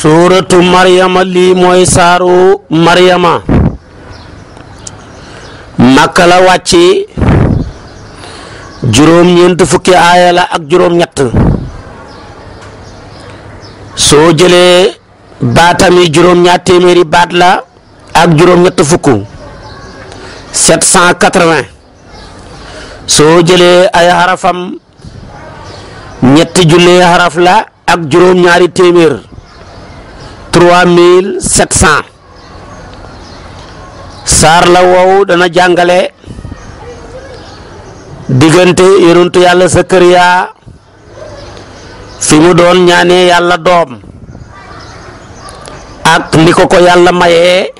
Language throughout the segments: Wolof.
suuratu maryama lii mooy saaru mariyama makka la wàcci juróom-ñeent fukki aaya ak juróom-ñett soo jëlee baatami juróom-ñaar téeméeri baat la ak juróom-ñett fukk soo jëlee ay xarafam ñetti junni xaraf la ak juróom-ñaari téeméer trois mille sept cent saar la woowu dana jàngale diggante yonentu yàlla ya fi mu doon ñaanee yàlla doom ak ni ko ko yàlla mayee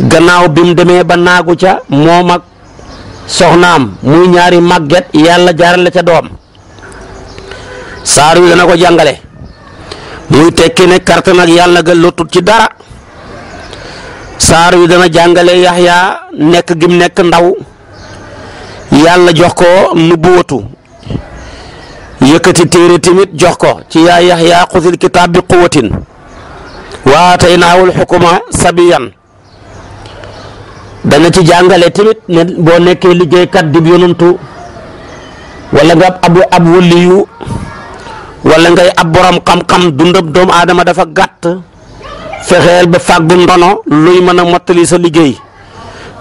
gannaaw bi mu demee ba naagu ca moom ak soxnaam muy ñaari màgget yàlla jaarale ca doom saar wi dana ko jàngale muy tekki ne karte nag yàlla ga lotut ci dara saar wi dana jàngale yaxya nekk gim nekk ndaw yàlla jox ko nubuwatu yëkkati téere tamit jox ko ci yaa yaxya xusil kitaab bi quwatin waatay naawul xukuma sabiyan dana ci jàngale tamit boo nekkee liggéeykat dib yonantu wala nga ab ab wëlliyu wala ngay ab boroom xam-xam dundab doomu aadama dafa gàtt fexeel ba fàggu ndono luy mën a mottali sa liggéey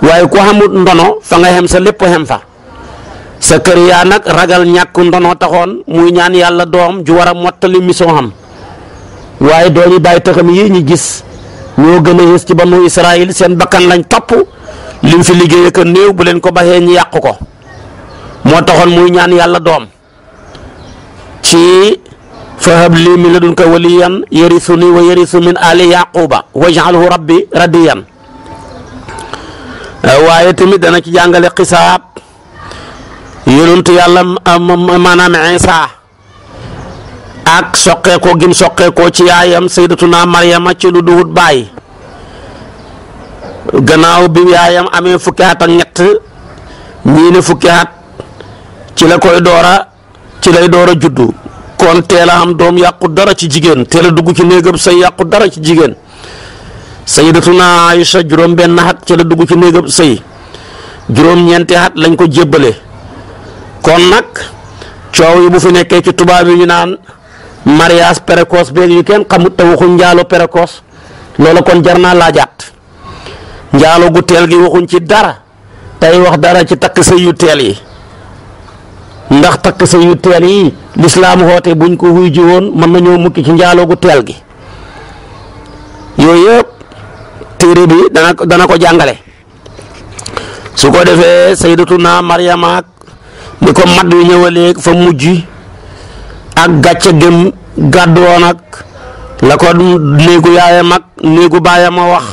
waaye ku xamut ndono fa nga xem sa lépp xem fa sa kër yaa nag ragal ñàkk ndono taxoon muy ñaan yàlla doom ju war a mottali mission xam waaye doomi bàyyi taxam yi ñu gis ñoo gën a yées ci ba banu Israël seen bakkan lañ topp lim fi liggéey ak néew bu leen ko baxee ñu yàq ko moo taxoon muy ñaan yàlla doom ci fahab lii min ladunka waliyan yarisu ni wa yarisu min ali yaquba waj'alhu rabbi radiyan ah, waaye tamit dana ci jàngale xisaab yonentu yàlla maanaam Isa ak soqeekoo gim soqeekoo ci yaayam sayyidatuna Maryama ci lu duwut baay gannaaw bi yaayam amee fukki at ak ñett ñii fukki at ci la koy doora ci lay doora juddu. kon teel a am doom yàqu dara ci jigéen teel a dugg ci néegam say yàqu dara ci jigéen naa Aïcha juróom-benn xat ci la dugg ci néegam sëy juróom-ñeenti xat lañ ko jébbale kon nag coow yi bu fi nekkee ci tubaab yi ñu naan mariage précoce beeg yu kenn xamut te waxuñ njaalo précoce loolu kon jar naa laajaat njaalo gu teel gi waxuñ ci dara tey wax dara ci takk sëy yu teel yi ndax takk sa teel yi lislaam xoote buñ ko wuy ji woon mën nañoo mukki ci njaaloogu teel gi yooyu yëpp téere bi dana dana ko jàngale su ko defee sayyidatuna Maryama ak ni ko mat wi ñëwaleeg fa mujj ak gàcce gëm gàdduwa nag ak la ko néegu yaayam ak néegu baayam a wax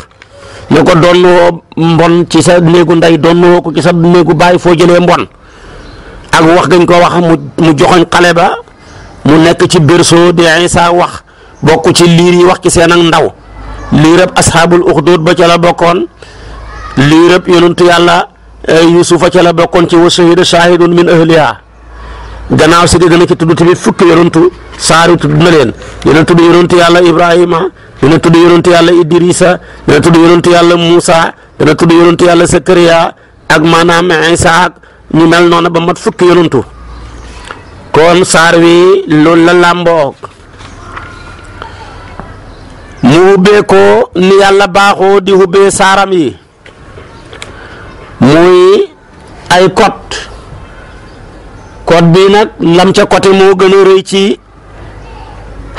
ne ko doon woo mbon ci sa néegu ndey doon woo ko ci sa néegu baay foo jëlee mbon ak wax gañ ko wax mu mu joxoñ xale ba mu nekk ci berceau di Isa wax bokk ci liir yi wax ci seen ak ndaw liirab ashaabul uxdud ba ca la bokkoon liirab yonentu yàlla eh, yusufa ca la bokkoon ci wa shahida shahidun min ahliha gannaaw si dina ci tudd tamit fukk yonentu saari tudd na leen dina tudd yonentu yàlla ibrahima dina tudd yàlla idrisa dina tudd yonentu yàlla muusa dina tudd yonentu yàlla sakariya ak maanaam Isa mu mel noonu ba mat fukki yonantu kon saar wi loolu la làmboo mu ubbee ni yàlla baaxoo di ubbee saaram yi muy ay code code bii nag lam ca côté moo gën a ci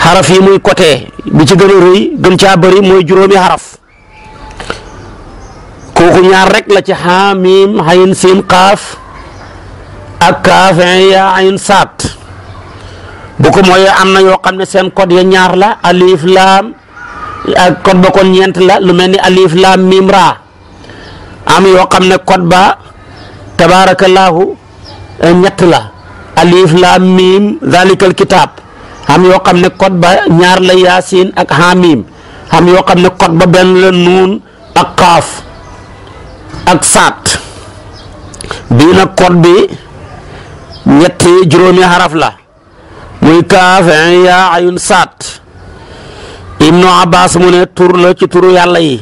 xaraf yi muy côté bi ci gën a gën caa bari mooy juróomi xaraf kooku ñaar rek la ci xaamiim xayin siin qaaf ak kaafin yaa ayn saat bu ko mooy am na yoo xam ne seen code ya ñaar la alif laam ak code ba kon ñeent la lu mel ni alif laam am yoo xam ne code ba tabaarakallaahu eh, ñett la alif laam mim zalikal kitaab am yoo xam ne code ba ñaar la yaasin ak hamim am yoo xam ne code ba benn la nuun ak kaaf ak saat bii nag bi ñetti juróomi xaraf la muy kaaf yaa ayun saat ibnu abbas mu ne tur la ci turu yàlla yi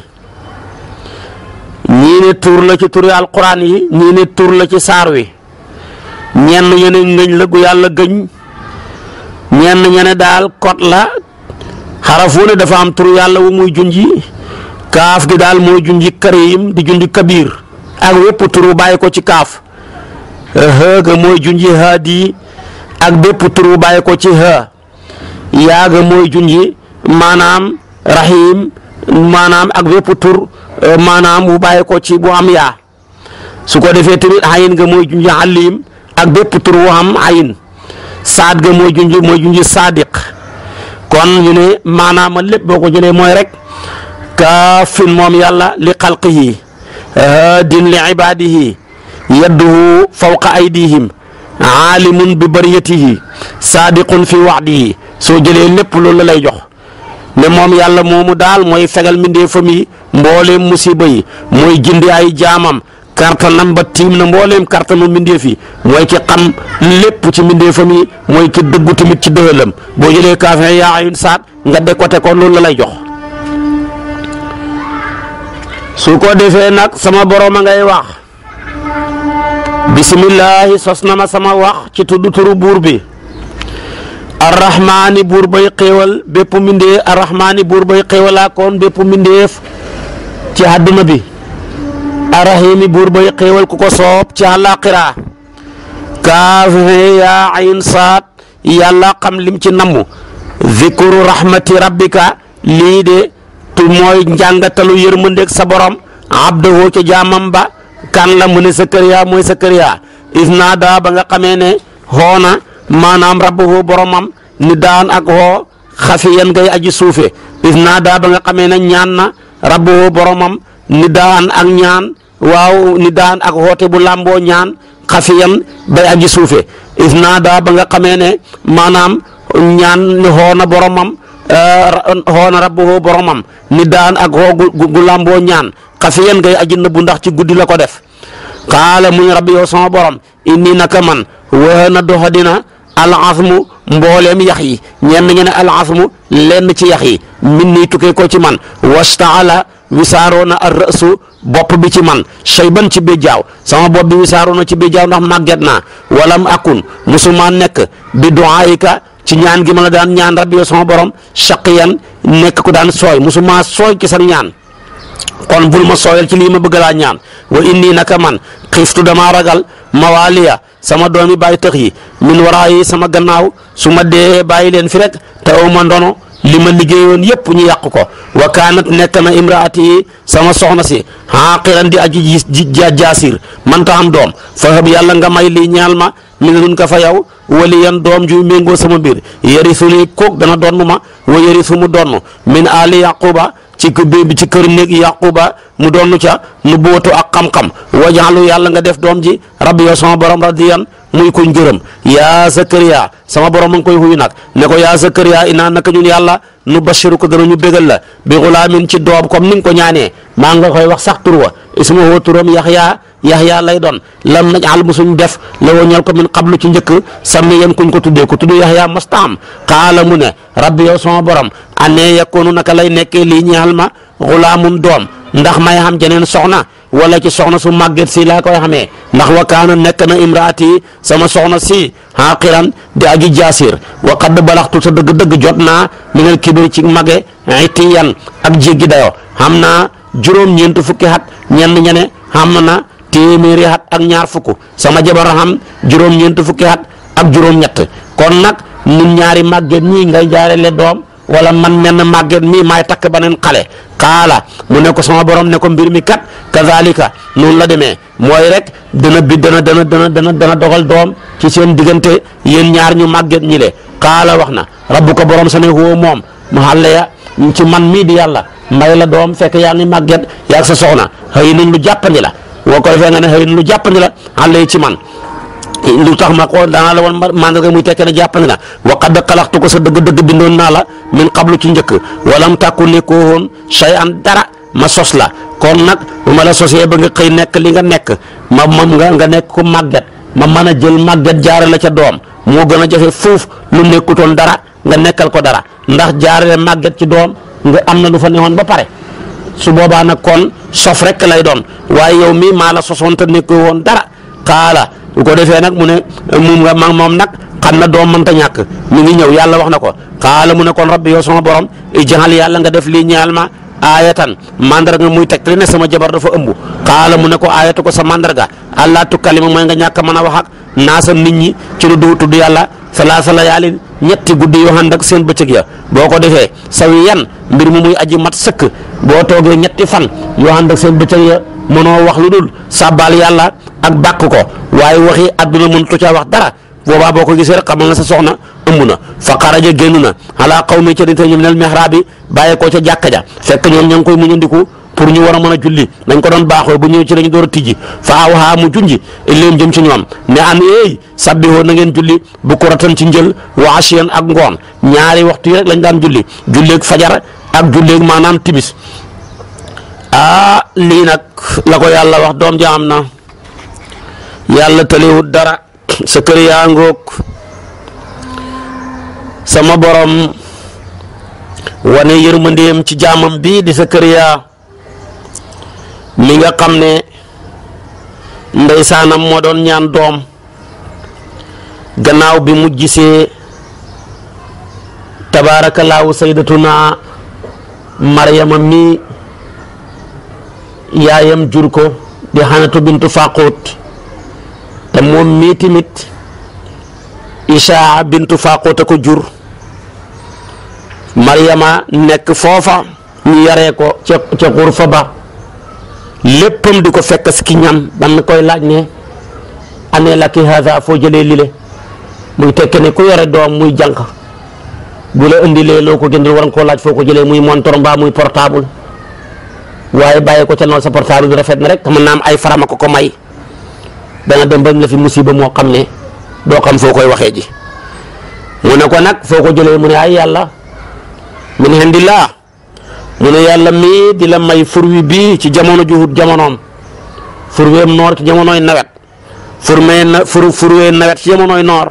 ñii ne tur la ci turu alquran yi ñii ne tur la ci saar wi ñenn ñene ngëñ la gu yàlla gëñ ñenn ñene daal kot la xaraf wu ne dafa am turu yàlla wu muy junji kaaf gi daal mooy junji karim di junji kabiir ak wépp turu bàyyi ko ci kaaf hëga mooy junji haadi ak bépp turu bàyyi ko ci ha yaaga mooy junji maanaam rahim maanaam ak bépp tur maanaam bu bàyyi ko ci bu am yaa su ko defee tamit ayin nga mooy junji alim ak bépp tur wu am ayin saad ga mooy junji mooy junji sadiq kon ñu ne maanaam lépp boo ko jëlee mooy rek kaafin moom yàlla li xalqihi haadin li ibaadihi yadduhu fawqa aydihim aalimun bi bariyatihi saadiqun fi waxdihi soo jëlee lépp loolu la lay jox ne moom yàlla moomu daal mooy fegal mbindeefam yi mbooleem musiba yi mooy jindi ay jaamam kartanam ba tiim na mbooleem kartanu mbindeef yi mooy ki xam lépp ci mbindeefam yi mooy ki dëggu tamit ci dëhëlam boo jëlee kaafee yaa ayun saat nga décoté ko loolu la lay jox su ko defee nag sama borom a ngay wax bismillaahi sos na ma sama wax ci tudd turu buur bi arrahmaani buur bay xéewal bépp buur bay xéewalaakoon bépp mbindéef ci àdduna bi arrahiimi buur bay xéewal ku ko soob ci àllaaxira kaafee yaa ayn saat yàlla xam lim ci namm zikru rahmati rabbika lii de tu mooy njàngatalu yërmandeeg sa borom abdahoo ca jaamam ba kan la mu ne Sakariya mooy Sakariya is naa daa ba nga xamee ne xoo na maanaam rabbuhu boromam ni daan ak xoo xafiyan ngay aji suufe is naa daa ba nga ne ñaan na rabbuhu boromam ni daan ak ñaan waaw ni daan ak xoote bu làmboo ñaan xafiyan bay aji suufe is naa daa ba nga ne maanaam ñaan ni xoo boromam xoona rabbuhu boromam ni daan ak xoo gu làmboo ñaan xafiyan ngay aji nëbbu ndax ci guddi la ko def xaala mu ne rabbi yow sama borom inni naka man wahana doxadina alasmu mbooleem yax yi ñenn ñe ne alasmu lenn ci yax yi min nii tukkee ko ci man wastaala wisaaroona ar rësu bopp bi ci man shayban ci bi jaaw sama bopp bi wisaaroona ci bi jaaw ndax màgget naa walam akun musumaa nekk bi duaayika ci ñaan gi ma la daan ñaan rabbi yow sama borom yan nekk ko daan sooy musuma sooy ci sa ñaan kon bul ma sooyal ci lii ma bëgg laa ñaan wa inni naka man xiftu damaa ragal mawaaliya sama doomi bàyyi tëx yi min waraayi sama gannaaw su ma dee bàyyi leen fi rek te aw ma ndono li ma liggéeyoon yëpp ñu yàq ko wa kaanat nekk na imraati sama soxna si xaaqiran di aji jaasir man ta doom fa hab yàlla nga may lii ñaal ma mi min lun ka fa yow yan doom ju méngoo sama mbir yarisu lii kook dana doon ma wa yarisu mu doon min aali yaquba ci bi ci kër néeg yaquba mu doon ca nu bootu ak xam-xam wajaalu yàlla nga def doom ji rabbi yow sama borom radiyan muy kuñ gërëm yaa Zakariya sama borom ma ngi koy xuyu nag ne ko yaa Zakariya inaa naka ñun yàlla nu bashiru ko dana ñu bégal la bi min ci doom comme ni nga ko ñaanee maa nga koy wax sax tur wa ismuhu turam Yaxya yaxyaa lay doon lam naj al musuñ def la woo ñal ko min qablu ci njëkk sàmmi yan kuñ ko tuddee ku tudd yaxyaa mastaam qaala mu ne rabbi yow sama borom annee yakkoonu naka lay nekkee lii ñaal ma xulaamum doom ndax may xam jeneen soxna wala ci soxna su màgget si laa koy xamee ndax wa kaana nekk na imraati sama soxna si xaaqiran di aji jaasir wa qad balaxtu sa dëgg-dëgg jot naa minal kibir ci mage itiyan ak jéggi dayo xam naa juróom-ñeent fukki at ñenn ñene xam téeméeri at ak ñaar fukk sama jabar xam juróom-ñeent fukki at ak juróom-ñett kon nag ñun ñaari màgget ñii ngay jaarale doom wala man menn màgget mii maay takk beneen xale xaala mu ne sama borom ne ko mbir mi kat kazalika noonu la demee mooy rek dana bi dana dana dana dana dana dogal doom ci seen diggante yéen ñaar ñu màgget ñi le xaala wax na rabbuka borom sa ne woo moom mu xàlle ya ci man mii di yàlla may la doom fekk yaa ngi màgget yaa sa soxna xëy boo ko defee nga ne xëy lu jàppandi la àll ci man lu tax ma ko danaa la woon mandarga muy tekke ne jàppandi na wa qad xalaqtu ko sa dëgg-dëgg bindoon naa la min qablu ci njëkk walam tàkku nekkoo woon shay an dara ma sos la kon nag bu ma la sosee ba nga xëy nekk li nga nekk ma moom nga nga nekk ko màgget ma mën a jël màgget jaare la ca doom moo gën a jafe foofu lu nekkutoon dara nga nekkal ko dara ndax jaarale màgget ci doom nga am na lu fa newoon ba pare su boobaa nag kon sof rek lay doon waaye yow mii maa la sosoon te woon dara kaala bu ko defee nag mu ne moom nga ma moom nag xam na doom ta ñàkk mu ngi ñëw yàlla wax na ko xaala mu ne kon yow sama borom ijaal yàlla nga def lii ñaal ma aayatan mandarga muy tegtale ne sama jabar dafa ëmb xaala mu ne ko aayatu ko sa mandarga allah tukkalima mooy nga ñàkk mën a wax ak naasam nit ñi ci lu du tudd yàlla salaasa layaalin ñetti guddi yoo ànd ak seen bëccëg ya boo ko defee yan mbir mu muy aji mat sëkk boo toogee ñetti fan yoo ànd ak seen bëccëg ya mënoo wax lu dul sàbbaal yàlla ak bàkk ko waaye waxi adduna mënut caa wax dara boobaa boo ko gisee rek xamal na sa soxna ëmb na fa xaraja génn na ala xaw ma ca nit ñoom nel mihraabi bàyyeekoo ca jàkka ja fekk ñoom ña ngi koy muñandiku pour ñu war a mën a julli dañ ko doon baaxoo bu ñëw ci lañ door a tijji faaw haa mu junji illéem jëm ci ñoom ne an eey sabbihoo na ngeen julli bu koratan ci njël wa asiyan ak ngoon ñaari waxtu yi rek lañ daan julli julleeg fajar ak julleeg maanaam timis aa ah, lii nag la ko yàlla wax doom jaam na yàlla taliwut dara sa kër yaa ngoog sama borom wane yërmandeem ci jaamam bii di sa kër mi nga xam ne ndeysaanam moo doon ñaan doom gannaaw bi mu gisee tabaarakallaahu saydatuna maryama mi yaayam jur ko di xanatu bintu faqut te moom mii tamit ishaa bintu faqut a ko jur maryama nekk foofa mu yaree ko ca ca xurfa ba léppam di ko fekk si ki ñam dan koy laaj ne anee la ki haza foo jëlee lile muy tekke ne ku yore doom muy jànq bu la indilee loo ko jëndul war koo laaj foo ko jëlee muy montor mbaa muy portable waaye bàyyi ko ca noonu sa portable bi rafet na rek mën naa am ay farama ko ko may dana dem bañ la fi musiba moo xam ne doo xam foo koy waxee ji mu ne ko nag foo ko jëlee mu ne ay yàlla min indillah mu ne yàlla mii di la may furwi bii ci jamono juhut jamonoom furweem noor ci jamonooy nawet furmee na fur furwee nawet ci jamonooy noor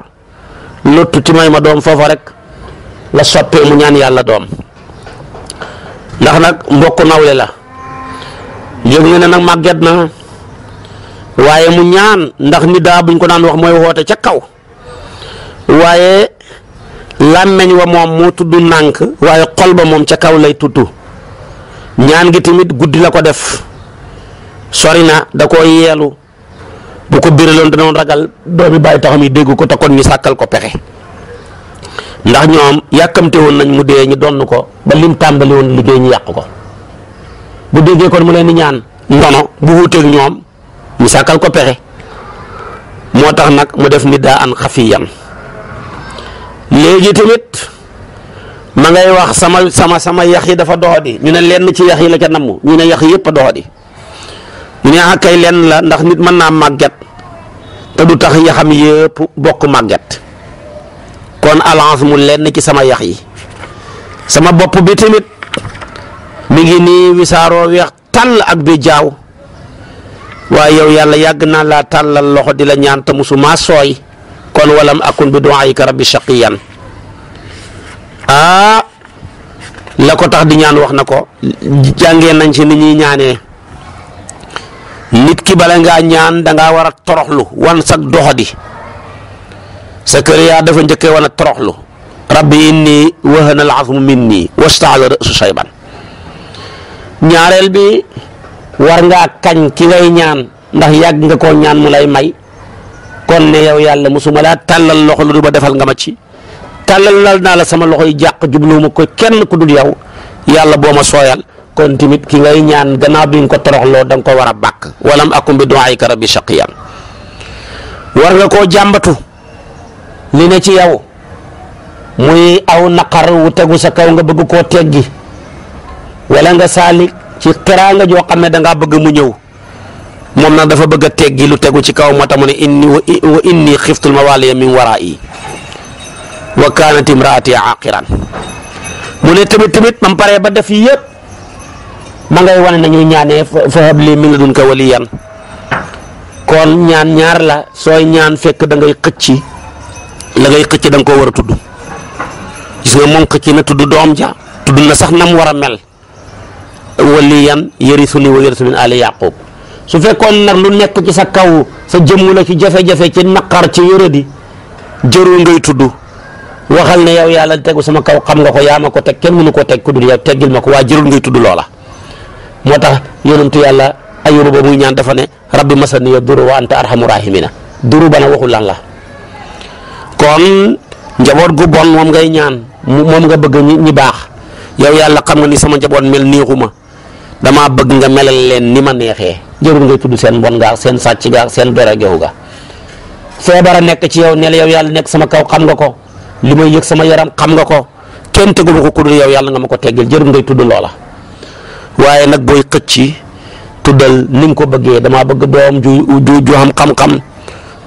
lottu ci may ma doom foofa rek la soppee mu ñaan yàlla doom ndax nag mbokk nawle la yëg nga ne nag màgget na waaye mu ñaan ndax ni daa buñ ko daan wax mooy woote ca kaw waaye làmmeñ wa moom moo tudd nànk waaye xol ba moom ca kaw lay tuttu ñaan gi tamit guddi la ko def sori na da ko yeelu bu ko dana danoon ragal doomi bàyyi taxam yi dégg ko te kon ñu sàkkal ko pexe ndax ñoom yàkkamte woon nañ mu dee ñu donn ko ba lim tàmbali woon liggéey ñu yàq ko bu déggee kon mu leen di ñaan ndono bu wuuteeg ñoom ñu sàkkal ko pexe moo tax nag mu def ni daa an xafiyan léegi tamit ma ngay wax sama sama sama yax yi dafa doxadi ñu ne lenn ci yax yi la ca namm ñu ne yax yëpp a doxadi ñu ne ah kay lenn la ndax nit mën naa màgget te du tax yaxam yëpp bokk màgget kon alance mu lenn ci sama yax yi sama bopp bi tamit mi ngi nii wisaaroo weex tàll ak bi jaaw waaye yow yàlla yàgg naa laa tàllal loxo di la ñaan te musu maa sooy kon walam akun bi du'aika rabbi shaqiyan ah la ko tax di ñaan wax na ko jàngee nañ si ni ñuy ñaanee nit ki bala ngaa ñaan danga ngaa war a toroxlu wan sag doxadi Sakariya dafa njëkkee wan a toroxlu rabbi ni wahana al-azmu minni wastaala ra'su shayban ñaareel bi war ngaa kañ ki ngay ñaan ndax yàgg nga koo ñaan mu lay may kon ne yow yàlla musuma laa tàllal loxo lu du ba defal nga ma ci tàllal lal naa la sama loxo loxoy jàq jubluwuma ko kenn ku dul yow yàlla boo ma sooyal kon tamit ki ngay ñaan gannaaw bi nga ko toroxloo da nga ko war a bàkk walam akum bi du'aika rabbi shaqiyan war nga koo jàmbatu li ne ci yow muy aw naqar wu tegu sa kaw nga bëgg koo teggi wala nga saali ci teraanga joo xam ne danga bëgg mu ñëw moom nag dafa bëgg a teggi lu tegu ci kaw moo tax mu ne inni wa inni xiftul mawaliya min waraa yi wa kaanat imraati aaqiran mu ne tamit tamit mam pare ba def yi yëpp ma ngay wane nañuy ñaanee fa habli min ladunka waliyan kon ñaan ñaar la sooy ñaan fekk da ngay xëcci la ngay xëcc danga nga koo war a tudd gis nga moom xëcc na tudd doom ja tudd na sax nam war a mel waliyan yarisu ni wa yarisu min ali yaqub su fekkoon nag lu nekk ci sa kaw sa jëmm la ci jafe-jafe ci naqar ci yërëdi jërul ngay tudd waxal ne yow yàlla tegu sama kaw xam nga ko yaa ma ko teg kenn mënu ko teg ku dul yow teggil ma ko waa jërul ngay tudd loola moo tax yonentu yàlla ayuba ba muy ñaan dafa ne rabbi masani ya duru wa anta arhamu rahimina duru bana waxul lan la kon njaboot gu bon moom ngay ñaan moom nga bëgg ñi baax yow yàlla xam nga ni sama njaboot mel ma damaa bëgg nga melal leen ni ma neexee jërul ngay tudd seen bon gaag seen sàcc gaag seen bere geew ga feebar nekk ci yow ne la yàlla nekk sama kaw xam nga ko li may yëg sama yaram xam nga ko kenn tegu ma ko ku dul yow yàlla nga ma ko teggil jërul ngay tudd loola waaye nag booy xëcc tuddal ni nga ko bëggee dama bëgg doom ju ju ju am xam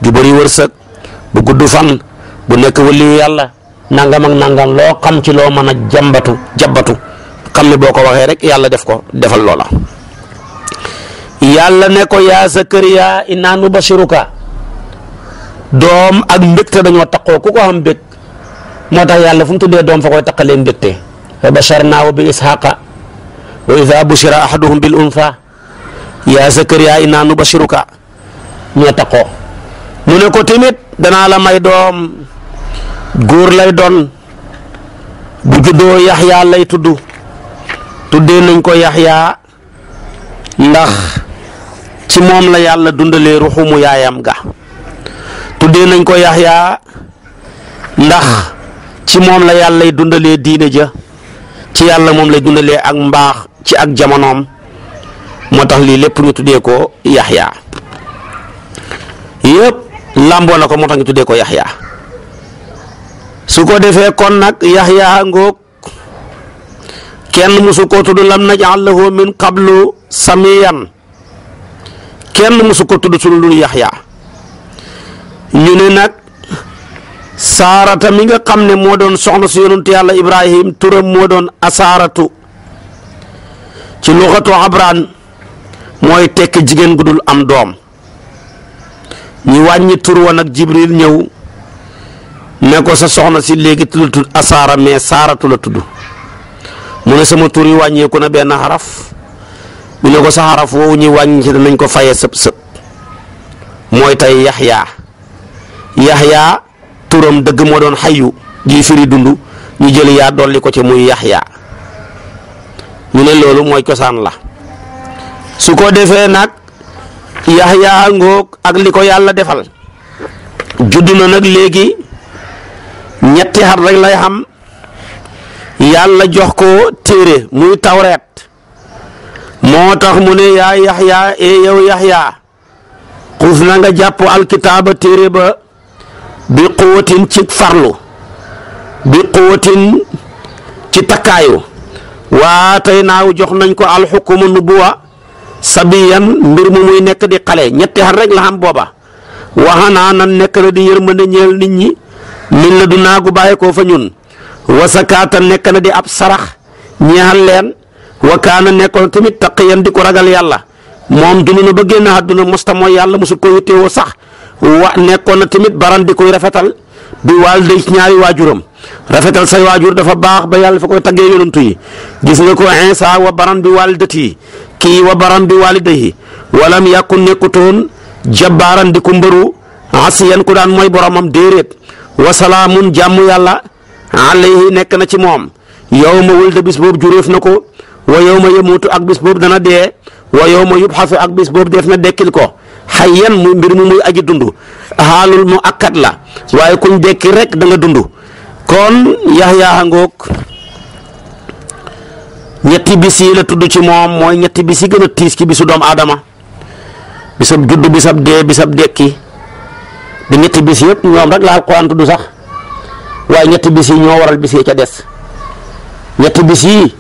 ju bari wërsëg bu gudd fan bu nekk waliyu yàlla nangam ak nangam loo xam ci loo mën a jàmbatu jàmbatu xam ne boo ko waxee rek yàlla def ko defal loola yàlla ne ko yaa Sakariya innaa nubashiruka doom ak mbégte dañoo taqoo ku ko am mbég moo tax yàlla fu mu tuddee doom fa koy taqalee mbégte wa basharnaahu bi ishaqa wa ida bushira ahaduhum bil untha yaa zakariya innaa nubashiruka ñoo mu ne ko tamit danaa la may doom góor lay doon bu juddoo yaxyaa lay tudd tuddee nañ ko yaxyaa ndax ci moom la yàlla dundalee ruxumu yaayam ga tuddee nañ ko yaxyaa ndax ci moom la yàlla yàllay dundalee diine ja ci yàlla moom lay dundalee ak mbaax ci ak jamonoom moo tax lii lépp ñu tuddee ko yaxya yëpp làmboo na ko moo tax ñu tuddee ko yaxya su ko defee kon nag yaxya ngoog kenn musu ko tudd lam naj'al lahu kenn musu ko tudd sunu lu yaxya ñu ne nag saarata mi nga xam ne moo doon soxna si yonent yàlla ibrahim turam moo doon asaaratu ci luxatu abraan mooy tekki jigéen gudul am doom ñi wàññi tur wa nag jibril ñëw ne ko sa soxna si léegi tudd asaara mais saaratu la tudd mu ne sama tur yi wàññeeku na benn xaraf mu ne ko sa xaraf woowu ñuy wàññi ci danañ ko fayee sëb sëb mooy tey yaxyaa yaxyaa turam dëgg moo doon xayu ji firi dund ñu jël yaa dolli ko ci muy yaxya mu ne loolu mooy cosaan la su ko defee nag yaxya ngoog ak li ko yàlla defal judd na nag léegi ñetti xar rekk lay xam yàlla jox ko téere muy tawreet moo tax mu ne yaa yaxya e yow yaxya xus na nga jàpp alkitaaba téere ba bi quwatin ci farlu bi quwatin ci takkaayu waa tey naaw jox nañ ko alxukumu nubuwa sabiyan mbir mu muy nekk di xale ñetti xan rek la xam booba waxanaa nan nekk na di yërmande ñeel nit ñi min la du naagu bàyyi koo fa ñun wasakaata nekk na di ab sarax ñeexal leen wakaana nekkoon tamit taqiyan di ko ragal yàlla moom dund na ba génn àdduna mosta mooy yàlla mosu ko yittewoo sax wa nekkoon na tamit baran di koy rafetal di waal day ñaari waajuram rafetal say waajur dafa baax ba yàlla fa koy taggee yonantu yi gis nga ko insa wa baran bi yi kii wa baran bi waalidayhi walam yàkku nekkutoon jabbaaran di ko mbëru asiyan ku daan mooy boromam déeréet wa salaamun jàmm yàlla alayhi nekk na ci moom yow ma wul da bis boobu juréef na ko wa yow ma yemuutu ak bis boobu dana dee wa yow ma yubxasu ak bis boobu def na dekkil ko xayyan muy mbir mu muy aji dund xaalul mu akkat la waaye kuñ dekki rek da dund kon yaxyaa ngoog ñetti bis la tudd ci moom mooy ñetti bis yi gën a tiis ci bisu doomu aadama bisab judd bisab dee bisab dekki di ñetti bis yëpp ñoom rek la alquran tudd sax waaye ñetti bis yi ñoo waral bis ca des ñetti yi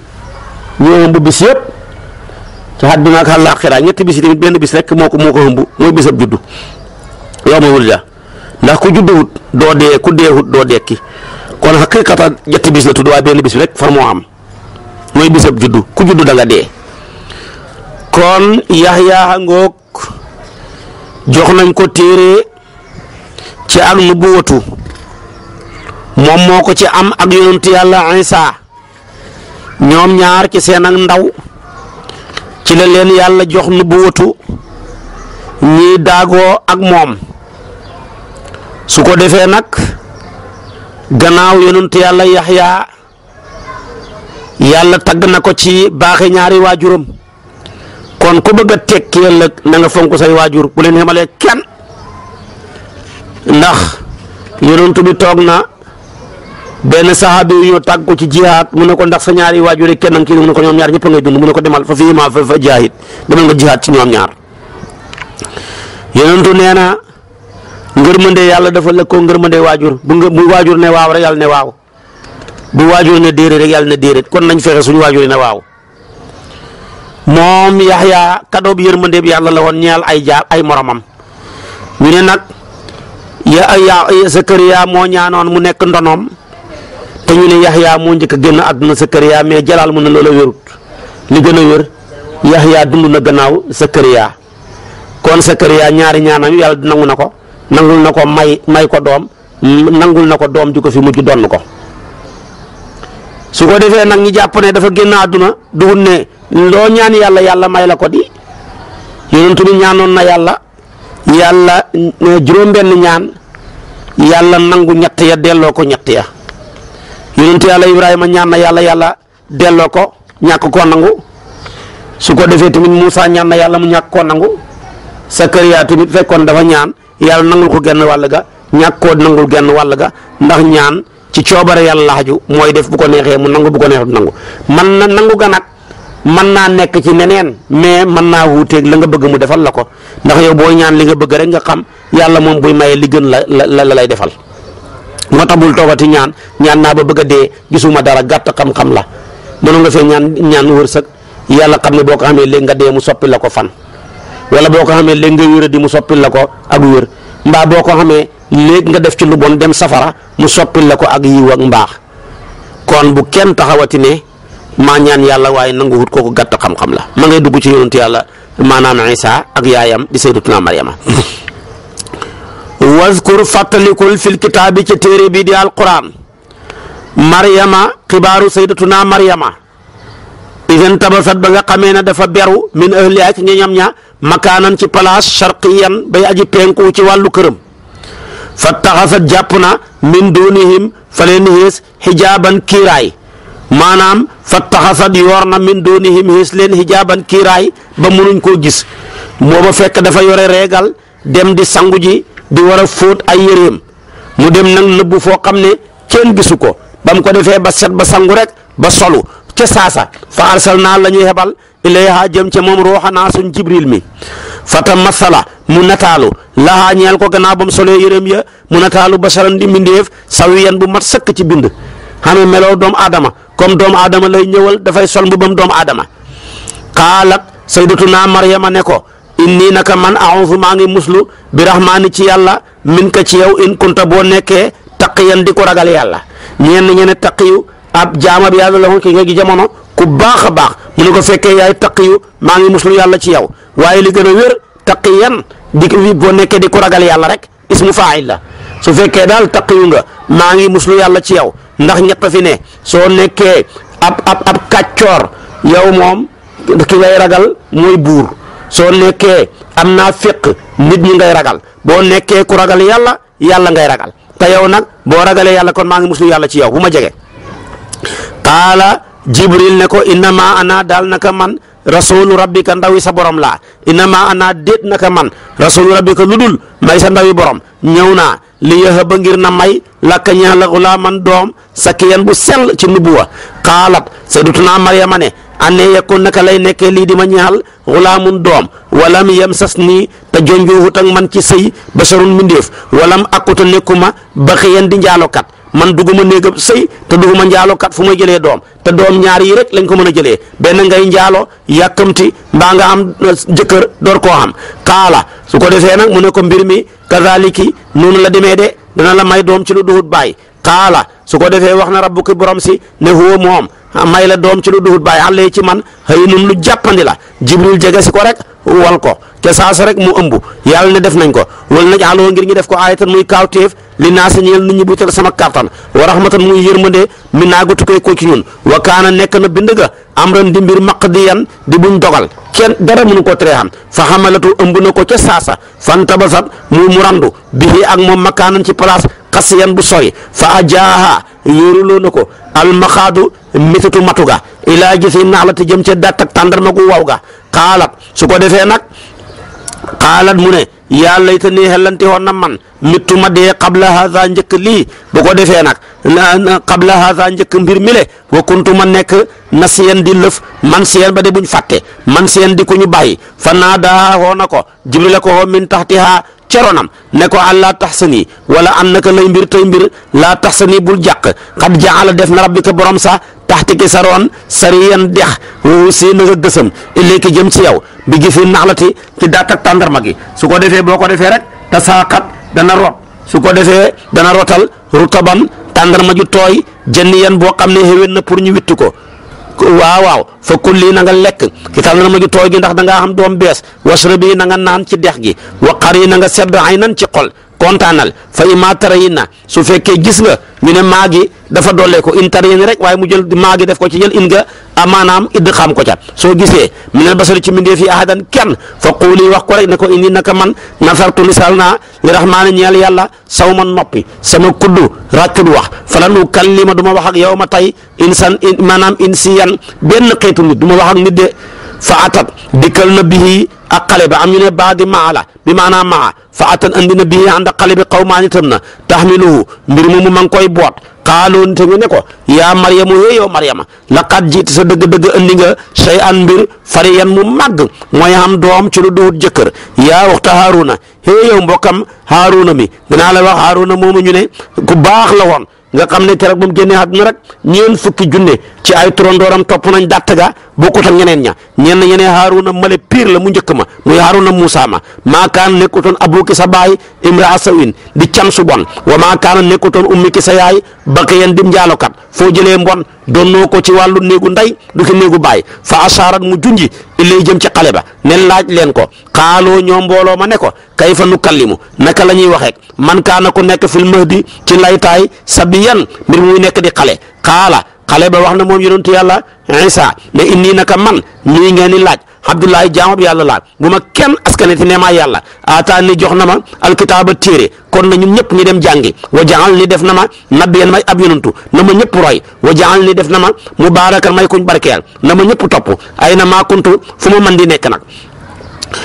yëpp. àdduna ak àllaaxira ñetti bis yi tamit benn bis rek moo ko moo ko ëmb mooy bisab juddu yow ma wul ndax ku judduwut doo dee ku deewut doo dekki kon xaqiiqatan ñetti bis la tudd rek far am mooy bisab juddu ku juddu da ngoog jox nañ ko téere ci ak nubuwatu moom moo ko ci am ak yonent yàlla Isa ñoom ñaar ci seen ak ndaw ci la leen yàlla jox bu nubuwatu ñiy daagoo ak moom su ko defee nag gannaaw yonent yàlla yaxyaa yàlla tagg na ko ci baaxe ñaari waajuram kon ku bëgg a tekki ëllëg na nga fonk say waajur bu leen xemalee kenn ndax yonent bi toog na benn saxaabi yu ñëw tàgg ko ci jihaad mu ne ko ndax sa ñaari waajur kenn ki mu ne ko ñoom ñaar ñëpp ngay dund mu ko demal fa fii ma fa fa jaahid demal nga jihaad ci ñoom ñaar yonentu nee na ngërmande yàlla dafa lëkkoo ngërmande waajur bu nga bu waajur ne waaw rek yàlla ne waaw bu waajur ne déedéet rek yàlla ne déedéet kon nañ fexe suñu waajur yi ne waaw moom yaxyaa kadoo bi yërmande bi yàlla la woon ñeel ay jaar ay moromam ñu ne nag ya ya Sakariya moo ñaanoon mu nekk ndonoom. te ñu ne yaxyaa moo njëkk a génn àdduna Sakariyaa mais jalaal mu ne loola wérut li gën a wér yaxyaa dund na gannaaw Sakariyaa kon Sakariyaa ñaari ñaanam yàlla nangu na ko nangul na ko may may ko doom nangul na ko doom ju ko fi mujj donn ko su ko defee nag ñi jàpp ne dafa génn àdduna duhut ne loo ñaan yàlla yàlla may la ko di yonent bi ñaanoon na yàlla yàlla juróom-benn ñaan yàlla nangu ñett ya delloo ko ñett ya yonentu yàlla Ibrahima ñaan na yàlla yàlla delloo ko ñàkk koo nangu su ko defee tamit Moussa ñaan na yàlla mu ñàkk koo nangu Sakariya tamit fekkoon dafa ñaan yàlla nangul ko genn wàll ga ñàkk koo nangul genn wàll ga ndax ñaan ci coobare yàlla la xaju mooy def bu ko neexee mu nangu bu ko neexee nangu man na nangu ga nag mën naa nekk ci neneen mais mën naa wuuteeg la nga bëgg mu defal la ko ndax yow boo ñaan li nga bëgg rek nga xam yàlla moom buy mayee li gën la la la lay defal. moo tax bul toogati ñaan ñaan naa ba bëgg a dee gisuma dara gàtt xam-xam la mënoon nga fee ñaan ñaan wërsëg yàlla xam ne boo ko xamee léegi nga dee mu soppi ko fan boo ko xamee léegi nga di mu soppil la ko ak wér mbaa boo ko xamee léegi nga def ci lu bon dem safara mu soppil la ko ak yiw ak mbaax kon bu kenn taxawati ne maa ñaan yàlla waaye nangu wut kooku gàtt xam-xam la ma ngay dugg ci ti yàlla maanaam Isa ak yaayam di sayyidatuna Maryama wazkur fàttalikul fil kitaabi ci téere bi di alquran mariyama xibaaru saydatuna maryama idan tabasat ba nga xamee ne dafa beru min ahliha ci ñañam ña makaanan ci place sharqiyan bay aji penku ci wàllu këram fa taxasat jàpp na min dunihim fa leen xiis xijaaban kiiraay maanaam fa taxasat yoor na min dunihim xiis leen xijaaban kiiraay ba mënuñ koo gis booba fekk dafa yore reegal dem di sangu ji di war a fóot ay yéreem mu dem nag nëbbu foo xam ne kenn gisu ko ba ko defee ba set ba sangu rek ba solu ca saasa fa arsalnaa la ñuy hebal ilayha jëm ca moom ruuxanaa suñ jibril mi fata masala mu nataalu lahaa ñeel ko gannaaw bam mu solee yërëm ya mu nataalu ba basaran di sa sawiyan bu mat sëkk ci bind xamee meloo doomu aadama comme doomu aadama lay ñëwal dafay sol mbubam doomu aadama qaalat sayyidatuna maryama ne ko nii naka man a'uuzu maa ngi muslu bi rahmaani ci yàlla min ka ci yow in kunta boo nekkee taqiyan di ko ragal yàlla ñenn ñene taqiyu ab jaamab yàlla la woon ki gi jamono ku baax a baax mu ne ko fekkee yaay taqiyu maa ngi muslu yàlla ci yow waaye li gën a wér taqiyan di boo nekkee di ko ragal yàlla rek ismu faa'il la su fekkee daal taqiyu nga maa ngi muslu yàlla ci yow ndax ñett fi ne soo nekkee ab ab ab kàccoor yow moom ki ngay ragal mooy buur. soo nekkee am naa fiq nit ñi ngay ragal boo nekkee ku ragal yàlla yàlla ngay ragal te yow nag boo ragalee yàlla kon maa ngi muslu yàlla ci yow bu ma jege kaala jibril ne ko innama ana daal naka man rasulu rabbika ndawi sa borom laa innama ana déet naka man rasulu rabbika lu dul may sa ndawi borom ñëw naa li yahaba ngir na may lakka ñaala xulaaman doom sakiyan bu sel ci nubuwa qaalat sayyidatuna maryama ne annee yakkoon naka lay nekke lii di ma ñaal xulaamun doom walam yem sas nii te jonjooxut ak man ci sëy basharun mbindéef walam akkuta nekkuma ba xëyan di njaalokat man duguma néegam sëy te duguma njaalokat fu may jëlee doom te doom ñaar yi rek lañ ko mën a jëlee benn ngay njaalo yàkkamti mbaa nga am jëkkër door ko xam kaala su ko defee nag mu nekkoo mbir mi kazaliki noonu la demee de dana la may doom ci lu duhut baay xaala su ko defee wax na rabbu ki borom si ne moom may la doom ci lu duhut bàyyi àll yi ci man xëy lu jàppandi la jibril jege si ko rek wal ko ca saasa rek mu ëmb yàlla ne def nañ ko wala naj aloo ngir ñu def ko aayatan muy kaawteef li naa sa ñeel nit ñi buutal sama kàttan wa rahmatan muy yërmande mi naagu tukkee ko ci ñun wa kaana nekk na bind ga amran di mbir maqdiyan di buñ dogal kenn dara mënu ko tere xam fa xamalatu ëmb na ko ca saasa fan tabasat muy mu randu bihi ak moom makaanan ci place xasiyan bu sori fa ajaaha yóoruloo na ko almaxaadu métatu matuga ilaa gisi naxlata jëm ca datt ak tàndarma gu waw ga xaalat su ko defee nag xaalat mu ne yàlla it a ne xellanti woon na man mittu ma dee qabla haza njëkk lii bu ko defee nag qabla haza njëkk mbir mi le wa ma nekk na seen di lëf man seen ba de buñ fàtte man seen di ku ñu bàyyi fa naa daa xoo ko jibril ko xoo min taxtihaa ceroonam ne ko an laa taxsani wala an naka lay mbir tey mbir laa taxsani bul jàq xad jaala def na rabbika borom sa taxtiki saroon sariyan dex woowu si na nga gësam illéeki jëm ci yow bi gifi la ti dàtt ak tàndarma gi su ko defee boo ko defee rek te saaqat dana root su ko defee dana rotal rutaban tàndarma ju tooy jënni yan boo xam ne xéwén na pour ñu witti ko waaw waaw fa kulli na nga lekk xital na ma ju tooy gi ndax da ngaa xam doom bees wasra bi na nga naan ci deex gi wa qari na nga sedd ay nan ci xol kontaanal fa immaa tarayinna su fekkee gis nga ñu ne maagi dafa dollee ko in tarayin rek waaye mu jël maagi def ko ci jël in nga a maanaam idd xam ko ca soo gisee mu ne basari ci mindee fi ahadan kenn fa quuli wax ko rek ne ko indi ka man nafartu misaal naa li rahmaani ñeel yàlla saw ma noppi sama kuddu ràccul wax fala nu kallima du ma wax ak yow ma tey insan maanaam insiyan benn xeetu nit du ma wax fa atat dikkal na bihi a xale ba am ñu ne baa di la bi maanaam maa fa atan andi na bihi ànd ak xale bi xaw maa nitam na taxmiluhu mbir moomu ma ngi koy boot xaaloo nite ñu ne ko yaa Maryamu hee yow Maryama laqad jiit sa dëgg-dëgg andi nga shay an mbir fari yan mu màgg mooy am doom ci lu jëkkër yaa waxta Haaruna hee yow mbokkam Haaruna mi dinaa la wax Haaruna moomu ñu ne ku baax la woon nga xam ne keroog ba mu génnee àdduna rek ñeen fukki junne ci ay turandooram topp nañ dàtt ga bokkut ak ñeneen ña ñeen na ñeneen na male piir la mu njëkk ma muy Haaruna Muusa ma maa kaana nekkutoon abuki sa baay imraa sawin di can su bon wa maa kaana nekkutoon ummi ki sa yaay baqiyan dim njaalokat foo jëlee mbon donnoo ko ci wàllu néegu ndey du ki néegu baay fa asaarat mu junji ilay jëm ci xale ba ne laaj leen ko kaaloo ñoo mbooloo ma ne ko kay fa nu kallimu naka la ñuy waxee man kaana ku nekk fil mahdi ci laytaay sabiyan mbir muy nekk di xale xaala xale ba wax na moom yonentu yàlla Isa ne inni naka man ñii ngeen ni laaj Abdullahi jaamab yàlla laaj bu ma kenn askanati ne maa yàlla aataa ni jox na ma alkitaaba téere kon na ñu ñëpp ñu dem jàngi wa jaal ni def na ma nabiyan may ab yonentu na ma ñëpp roy wa jaal ni def na ma mubaarakan may kuñ barkeel na ma ñëpp topp ay na maa kuntu fu ma mën nekk nag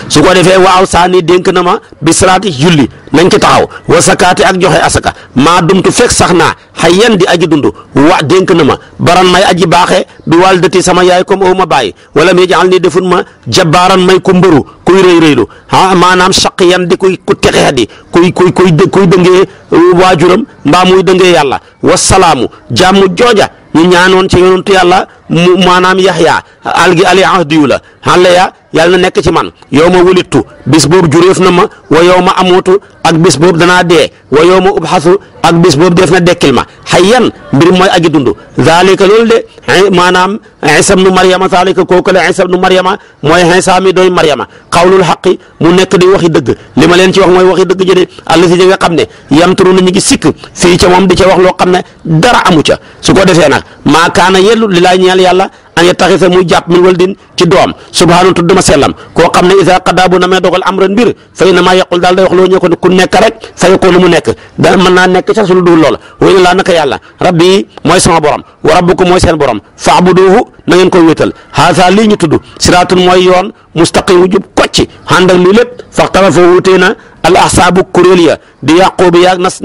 su ko defee waaw saani dénk na ma bi salaati julli nañ ci taxaw wa sakaati ak joxe asaka maa dumtu fekk sax naa xay yan di aji dund wa dénk na ma baran may aji baaxe bi wàlidati sama yaay comme aw ma bàyyi wala mi jaal nii defun ma jabbaaran may ku mbëru kuy rëy rëylu ah maanaam saq yan di kuy ku texe di kuy kuy kuy kuy dëngee uh, waajuram mbaa muy dëngee yàlla wasalaamu jàmm jooja ñu ñaanoon ci yonentu yàlla mu maanaam yaxyaa algi ali ahdiyu la xaleya yàlla na nekk ci man yow ma wulittu bis boobu juréef na ma wa yow ma amuutu ak bis boobu danaa dee wa yow ma ubxasu ak bis boobu def na dekkil ma xayyan mbir mooy aji dund zaalika loolu de eh, maanaam eh, isa bnu mariama zaalika kooku la isa bnu mariama mooy isa mi dooy mariama xawlul xaqi mu nekk di waxi dëgg li ma leen ci wax mooy waxi dëgg ji de àll si ji nga xam ne yamturu na ñu ngi sikk fii ca moom di ca wax loo xam ne dara amu ca su ko defee nag maa kaana yàlla an yattaxisa muy jàpp min waladin ci doom subhaanahu tudd ma sellam koo xam ne isa qadaa bu na mee dogal amran mbir fa innamaa yaqul daal day wax loo ñëw ko ne rek fa yakuunu mu nekk da mën naa nekk sax su lu dul loola wa inna laa naka yàlla rabbi mooy sama borom wa rabbukum mooy seen borom fa'buduuhu na ngeen koy wéetal haasa lii ñu tudd siraatun mooy yoon mustaqim wu kocci ànd ak lii lépp faxtalafa wuutee na al ahsaabu kuréel ya di yàqoobi yaag nas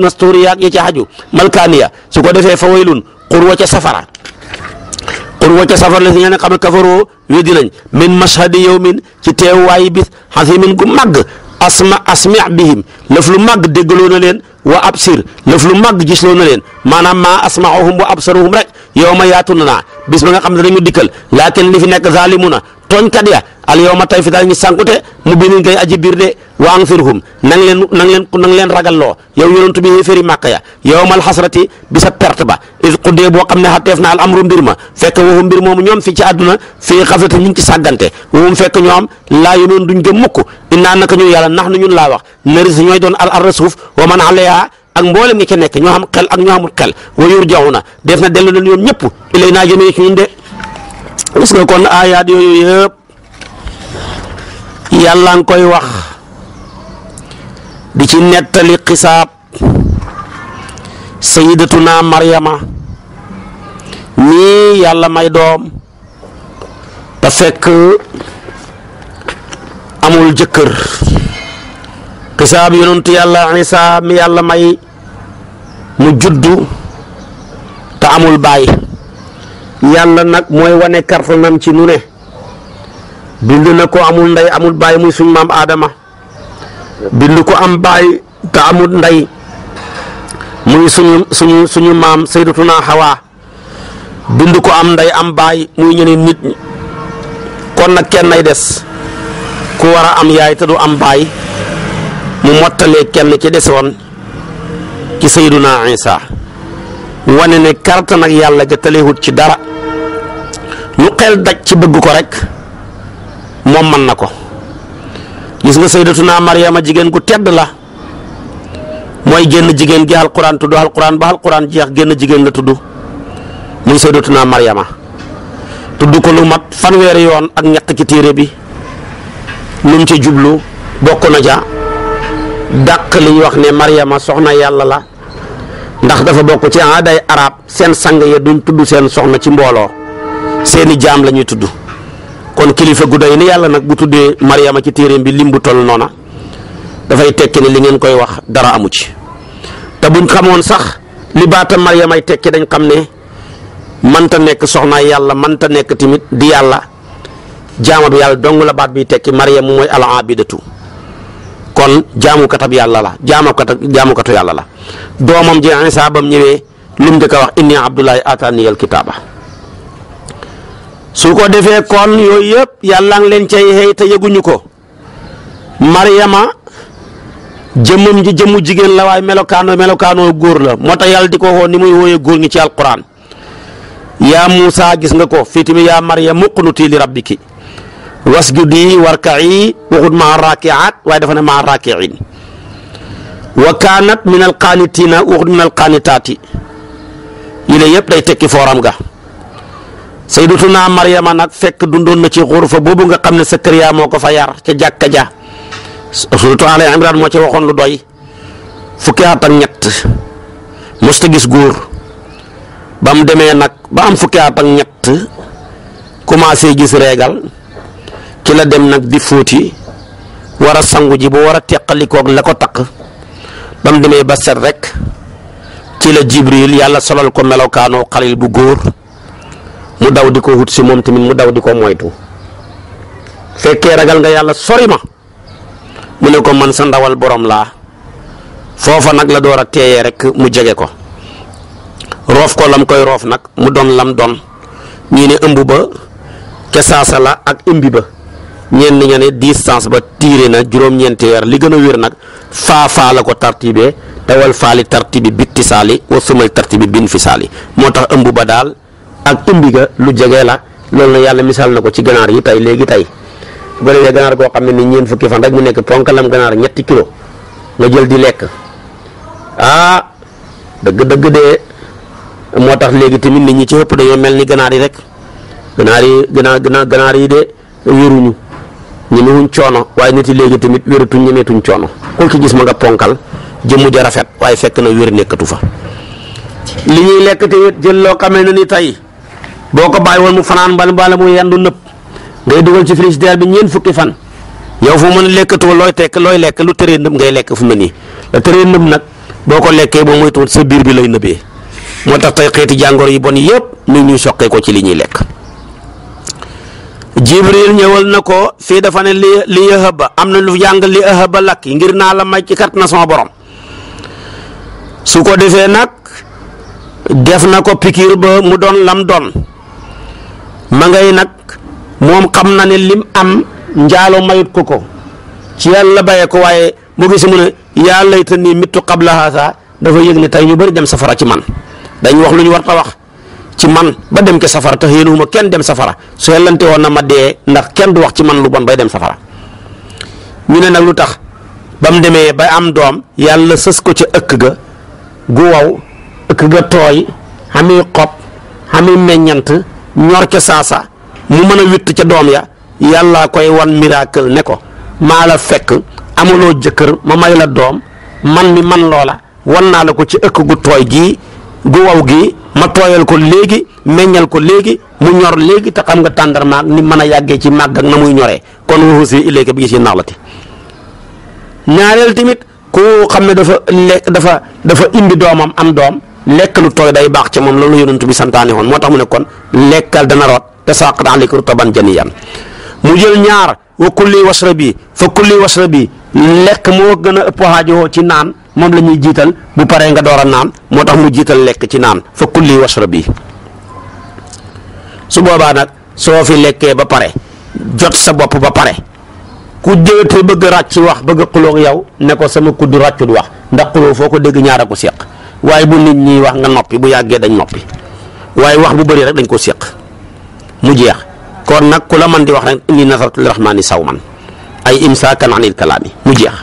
kon woo ca safar la si nga ne xam ne kafaroo weddi nañ min mashhadi yawmin ci teewaayi bis xasimin gu màgg asma asmi bihim lëf lu màgg déggaloo na leen wa absir lëf lu màgg gisloo na leen maanaam maa asmaahum wa absaruhum rek yow ma yaatu na naa bis ba nga xam ne dañu dikkal laakin li fi nekk zalimuna tooñkat ya al yawma tey fi daal ñu sànkute mu binin kay aji biir de wa anfirhum nang leen nang leen nang leen ragalloo yow yonentu bi yéeféri ya yawmal xasrati bi sa perte ba is xuddee boo xam ne xatteef na al amru mbir ma fekk waxu mbir moomu ñoom fii ci àdduna fii xasrati ñu ngi ci sàggante waxum fekk ñoom laa yunoon duñ gëm mukk innaa naka ñun yàlla nax nu ñun laa wax naris ñooy doon al arda suuf wa man alayha ak mboolem ñi ca nekk ñoo xam xel ak ñoo xamul na dellu leen ñoom ñëpp ilay de gis nga kon aayaat yooyu yëpp yàlla koy wax di ci nettali xisaab sayidatuna maryama nii yàlla may doom te fekk amul jëkkër xisaab yonentu yàlla Isaa mi yàlla may mu juddu te amul baay yàlla nag mooy wane kartanam ci nu ne bind na ko amul ndey amul baay muy suñ maam aadama bind ko am baay te amul ndey muy suñu suñu suñu maam Sayyidatuna Hawa bind ko am ndey am baay muy ñeneen nit kon nag kenn ay des ku war a am yaay te du am baay mu mottalee kenn ci desoon ci Sayyiduna Isa wane ne kàrta nag yàlla ga talewut ci dara lu xel daj ci bëgg ko rek moom mën na ko gis nga sayyidatuna Maryama jigéen gu tedd la mooy génn jigéen gi alquran tudd alquran ba alquran jeex génn jigéen la tudd muy sayyidatuna Maryama tudd ko lu mat fanweeri yoon ak ñett ci téere bi lu mu ca jublu bokk na ca dàq li ñuy wax ne Maryama soxna yàlla la ndax dafa bokk ci aaday arab seen sang ya duñ tudd seen soxna ci mbooloo. seeni jaam la ñuy tudd kon kilifa gu doy ni yàlla nag bu tuddee Mariama ci téeréem bi lim bu toll noona dafay tekki ne li ngeen koy wax dara amu ci te buñ xamoon sax li baata Mariamay tekki dañ xam ne mënta nekk soxnaay yàlla mënta nekk tamit di yàlla jaamab yàlla dong la baat biy tekki Mariam mooy al-aabidatu kon jaamukatam yàlla la jaamukat jaamukatu yàlla la doomam ji Isaa bam ñëwee lim di ko wax inni abdullahi ataaniyal kitaaba su ko defee kon yooyu yëpp yàlla leen cay xëy te yëguñu ko Maryama jëmmam ji jëmm jigéen la waaye melokaano melokaanoo góor la moo ta yàlla di ko woo ni muy wooyee góor ñi ci alquran yaa Muusa gis nga ko fii tamit yaa Maryam uqnutii li rabbiki wasjudi warka'i waxut maa raaki'aat waaye dafa ne maa raaki'iin wa kaanat min alqaanitiina waxut min alqaanitaati yile yëpp day tekki fooram ga sayyidatuna Maryama nag fekk dundoon ma ci fa boobu nga xam ne Sakariya moo ko fa yar ca jàkka ja surtout Ala Imran moo ci waxoon lu doy fukki at ak ñett mosta gis góor ba demee nag ba am fukki at ak ñett commencé gis reegal ci la dem nag di fóoti war a sangu ji bu war a teqalikoog la ko takk ba mu demee ba set rek ci la Jibril yàlla solal ko melokaanoo xalil bu góor. mu daw di ko wut si moom tamit mu daw di ko moytu fekkee ragal nga yàlla sori ma mu ne ko man sa ndawal borom laa foofa nag la door a teeyee rek mu jege ko roof ko lam koy roof nag mu doon lam doon ñii ne ëmb ba ca saasa la ak imbi ba ñenn ña ne distance ba tiire na juróom-ñeenti weer li gën a wér nag faafaa la ko tartibee tawal faali tartibi bitti saali wa sumal tartibi bin fi saali moo tax ëmb ba daal ak ëmbi ga lu jege la loolu na yàlla misaal na ko ci ganaar yi tey léegi tey bu defee ganaar goo xam ne ni ñeent fukki fan rek mu nekk ponkalam ganaar ñetti kilo nga jël di lekk ah dëgg-dëgg de moo tax léegi tamit nit ñi ci ëpp dañoo mel ni ganaar yi rek ganaar yi ganaar ganaar yi de wéruñu ñemewuñ coono waaye nit yi léegi tamit wérutuñ ñemeetuñ coono koo ci gis ma nga ponkal jëmmu ja rafet waaye fekk na wér nekkatu fa. li ñuy lekk tamit jël loo xamee ne ni tey boo ko bàyyi woon mu fanaan mbal mbala mu yendu nëpp ngay dugal ci frigidaire bi ñeent fukki fan yow fu mën a lekkatoo looy tekk looy lekk lu tëree nëb ngay lekk fu mu ne nii la tëree nëb nag boo ko lekkee boo moytuwul sa biir bi lay nëbee moo tax tey xeeti jàngoor yi bon yëpp ñu ñuy soqee ko ci li ñuy lekk. Jibril ñëwal na ko fii dafa ne li li yëhëba am na lu jàng li yëhëba lakk ngir naa la may ci kat na sama borom su ko defee nag def na ko pikiir ba mu doon lam doon. ma ngay nag moom xam na ne lim am njaaloo mayut ko ko ci yàlla bayee ko waaye mu gis mu ne yaa layta nii mittu qabla haasa dafa yëg ne tey ñu bëri dem safara ci man dañ wax lu ñu war ta wax ci man ba dem ke safara te yéenuwuma kenn dem safara su woon na ma dee ndax kenn du wax ci man lu bon bay dem safara ñu ne nag lu tax ba mu demee ba am doom yàlla sës ko ca ëkk ga gu wow ëkk ga tooy xami xob xami meññant ñor ca saasa mu mën a witt ca doom ya yàlla koy wan miracle ne ko maa la fekk amuloo jëkkër ma may la doom man mi man loola wan naa la ko ci ëkk gu tooy gii gu waw gii ma tooyal ko léegi meññal ko léegi mu ñor léegi te xam nga tàndarma ni mën a yàggee ci màgg ak na muy ñoree kon waxu si illéegi bi gis yi naax la ti ñaareel tamit ku xam ne dafa lekk dafa dafa indi doomam am doom lekk lu tooy day baax ci moom loolu yonent bi santaane woon moo tax mu ne kon lekkal dana root te saqat aleyka rutaban janiyan mu jël ñaar wa kulli wasrabi fa kulli wasrabi lekk moo gën a ëpp xaajowoo ci naan moom la ñuy jiital bu paree nga door a naan moo tax mu jiital lekk ci naan fa kulli wasrabi su boobaa nag soo fi lekkee ba pare jot sa bopp ba pare ku jëwatee bëgg ràcc wax bëgg xuloog yow ne ko sama kudd ràccut wax ndax xuloo foo ko dégg ñaar a ko seq waaye bu nit ñi wax nga noppi bu yàggee dañ noppi waaye wax bu bari rek dañ koo séq mu jeex kon nag ku la man di wax rek inni nasartu saw man ay imsaakan anil kalaami mu jeex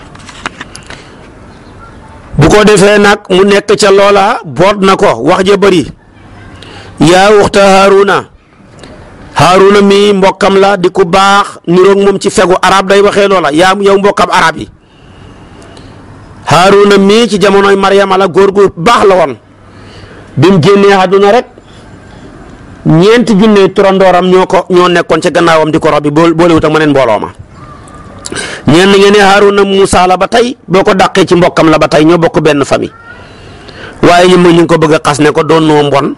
bu ko defee nag mu nekk ca loola boot na ko wax ja bëri yaa waxta Haaruna Haaruna mi mbokkam la di ku baax niroog moom ci fegu araab day waxee loola yaa yow mbokkam arab yi Haaruna mii ci jamonoy Maryama la góor gu baax la woon bi mu génnee àdduna rek ñeenti junne turandooram ñoo ko ñoo nekkoon ci gannaawam di ko rob bi boolewut ak ma neen mbooloo ma ñeen na ngeen ne Haaruna Muusaa la ba tey boo ko dàqee ci mbokkam la ba tey ñoo bokk benn famille waaye ñu ngi ko bëgg a xas ne ko doon noo mbon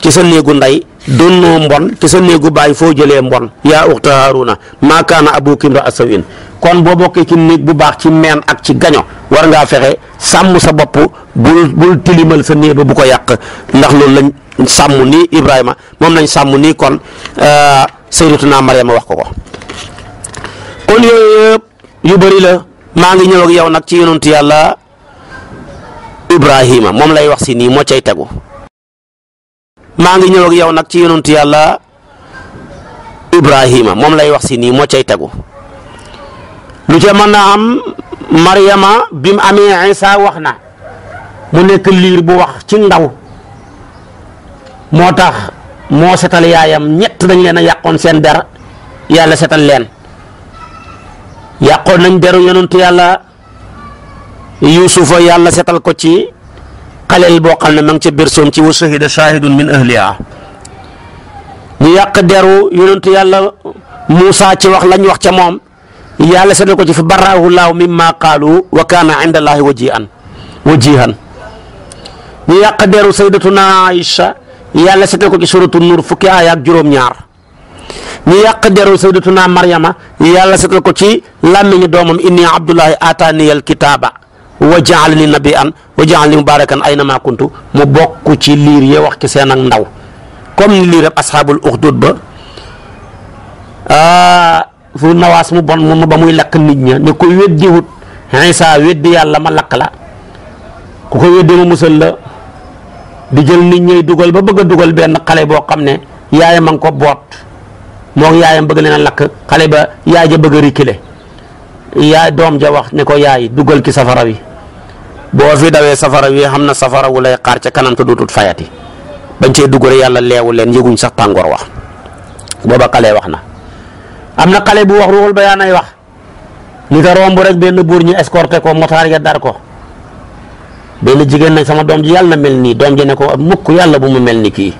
ci sa néegu ndey doon noo mbon ci sa néegu baay foo jëlee mbon yaa uxta Haaruna maa kaana abuuki imra asawin kon boo bokkee ci néeg bu baax ci meen ak ci gaño war ngaa fexe sàmm sa bopp bul bul tilimal sa néeg ba bu ko yàq ndax loolu lañ sàmm nii Ibrahima moom lañ sàmm nii kon euh, Sayyidatuna Maryama wax ko ko kon yooyu yëpp maa ngi ñëw ak yow nag ci yonentu yàlla Ibrahima moom lay wax si nii moo cay tegu maa ngi ñëw ak yow nag ci yonentu yàlla Ibrahima moom lay wax si nii moo cay tegu lu ca mën a am Maryama bi mu amee Isa wax na mu nekk liir bu wax ci ndaw moo tax moo setal yaayam ñett dañ leen a yàqoon seen der yàlla setal leen yàqoon nañ deru yonentu yàlla yusufa yàlla setal ko ci xaleel boo xam ne ma ngi ca biir soom ci wa shahida shahidun min ahliha ñu yàq deru yonentu yàlla Muusa ci wax lañ wax ca moom yàlla seetal ko ci fa baraahu laahu mimma qaalu wa kaana inda allaahi wajihan wajihan ñu yàq deeru saydatuna Aïcha yàlla seetal ko ci suratu nur fukki aaya ak juróom-ñaar ñu yàq deeru saydatuna Maryama yàlla seetal ko ci làmmiñu doomam inni abdullahi ataaniya alkitaaba wa jaalani nabiyan wa jaalani mubarakan aynama kuntu mu bokk ci liir ye wax ci seen ak ndaw comme ni liir ab asxaabul uxdud ba ah, fu nawaas mu bon mu ba muy lakk nit ña ne ko weddiwut Iisaa weddi yàlla ma lakk la ku ko weddi ma musal la di jël nit ñay dugal ba bëgg dugal benn xale boo xam ne yaayam a ngi ko boot moo ngi yaayam bëgg leen a lakk xale ba yaay ja bëgg a rikkile yaay doom ja wax ne ko yaay dugal ci safara wi boo fi dawee safara wi xam na safara wu lay xaar ca kanam te duutut fayati bañ cee dugg yàlla leewu leen yëguñ sax tàngoor wax booba xale wax na am na xale bu wax ruuxul bayaan nay wax li ko romb rek benn buur ñu escorté ko motaar ya dar ko benn jigéen nag sama doom ji yàlla mel nii doom ji ne ko mukk yàlla bu mu mel ni kii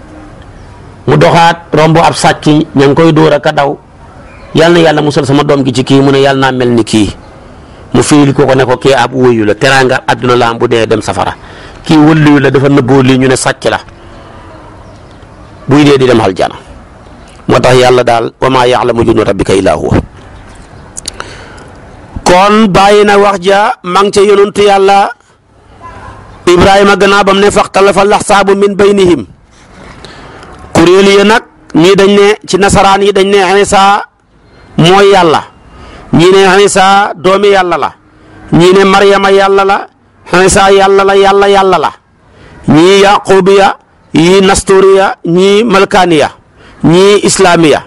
mu doxaat romb ab sàcc ña ngi koy dóor ak a daw yàlla na yàlla musal sama doom gi ci kii mu ne yàlla naa mel ni kii mu firil ko ko ne ko kii ab wëyu la teraanga àdduna la am bu dee dem safara kii wëlliyu la dafa nëbboo lii ñu ne sàcc la buy dee di dem aljana moo tax yàlla daal wa maa ya'lamu junuuda rabbika illaa huwa kon bàyyi na wax ja ma ngi ca yonantu yàlla ibrahima gannaaw bam ne faxtalafa laxsaabu min baynihim kuréel yi nag ñii dañ ne ci nasaraan yi dañ ne Iisaa mooy yàlla ñii ne Iisaa doomi yàlla la ñii ne maryama yàlla la Iisaa yàlla la yàlla yàlla la ñii yaqubiya ñii nasturiya ñii malkaaniya ñii islaamiya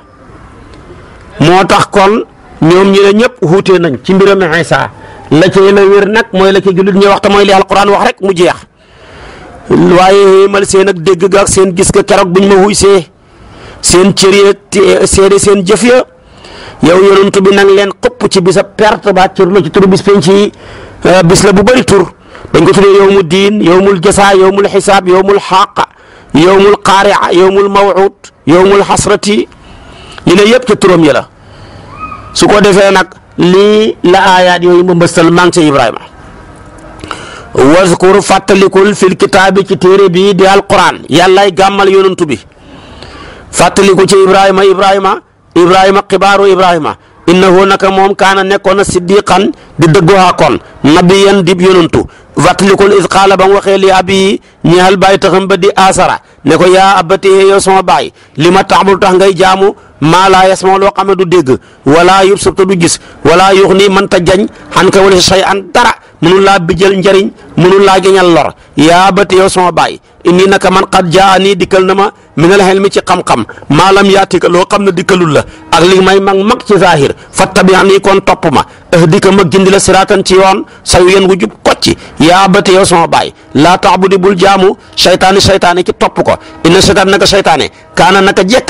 moo tax kon ñoom ñi ne ñëpp wuute nañ ci mbiram Isa la ca la wér nag mooy la ca jullit ñi wax te mooy li alquran wax rek mu jeex waaye xéemal seen ak dégg ak seen gis ga keroog bu ñu ma xuysee seen cër ya seen jëf ya yow yonent bi nang leen xupp ci bisa perte ba cër la ci turu bis penc yi euh, bis la bu bëri tur dañ ko tuddee yowmu diin yowmul jasaa yowmul xisaab yowmul xaaqa yowmul qaaria yowmul mawuud yowmul xasrati li la yëpp ca turam ya la su ko defee nag lii la aayaat yooyu ma mbëstal maa ngi ca Ibrahima waskur fàttalikul fil kitaabi ci téere bi di alquran yàllaay gàmmal yonantu bi fàttaliku ci Ibrahima Ibrahima Ibrahima xibaaru Ibrahima innahu naka moom kaana nekkoon na siddiqan di dëggoo kon nabiyan dib yonantu watlikul is qaala ba mu waxee li abi ñeexal bàyyi taxam ba di asara ne ko yaa abati yow sama baay li ma taxbul tax ngay jaamu ma laa yasma loo xam ne du dégg wala yub subta du gis wala yux nii mën ta jañ xan ka wala say an dara mënul laa bijjal njëriñ mënul laa jañal lor yaa abati yow sama baay indi naka man xat jaa nii dikkal na ma min al ilmi ci xam-xam maalam yaatika loo xam ne dikkalul la ak li may mag mag ci zahir fattabi'ani kon topp ma ahdika ma gindi la siratan ci yoon saw yéen wu jub kocci yaa abati yow sama baay laa taabudi bul jaamu seytaani seytaani ki topp ko inna seytaan naka seytaane kaana naka jekk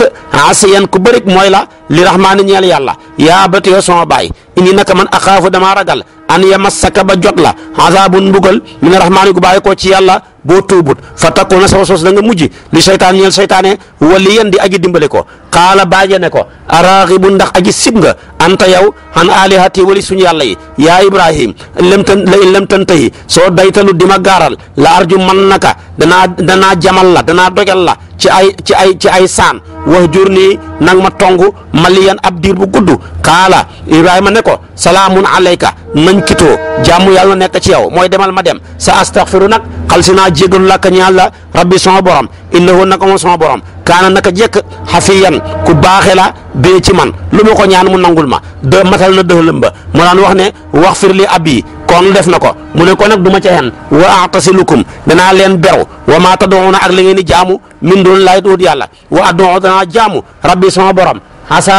asiyan ku bërik mooy la li rahmaani ñeel yàlla yaa abati yow sama baay inni naka man axaafu damaa ragal an yamassaka ba jot la azabun mbugal mina rahmaani gu bàyyi ko ci yàlla boo tuubut fa takkoona sawa soos da nga mujj li seytaan ñeel seytaane waliyan di aji dimbale ko xaala baaje ne ko araaxibun ndax aji sib nga anta yow an alihati wali suñu yàlla yi yaa ibrahim lem tan la in lem tantahi soo daytalu dima gaaral la arju man naka danaa danaa jamal la danaa dogal la ci ay ci ay ci ay saan wax jur nii nang ma tong maliyan ab diir bu gudd kaala ibrahima ne ko salaamun alayka nañ kitoo jàmm yàlla na nekk ci yow mooy demal ma dem sa astaghfiru nag xal si naa jéggalu làkka ñaan la rabbi sama borom innahu naka moom sama borom kaana naka jekk xafiyan ku baaxe la bee ci man lu ma ko ñaan mu nangul ma de matal na dëxalam ba daan wax ne wax fir li ab yi kon def na ko mu ne ko nag du ma ca xen wa atasilukum danaa leen beru wa maa tad'uuna ak la jaamu min doon laay doot yàlla wa ad'u danaa jaamu rabbi sama borom asa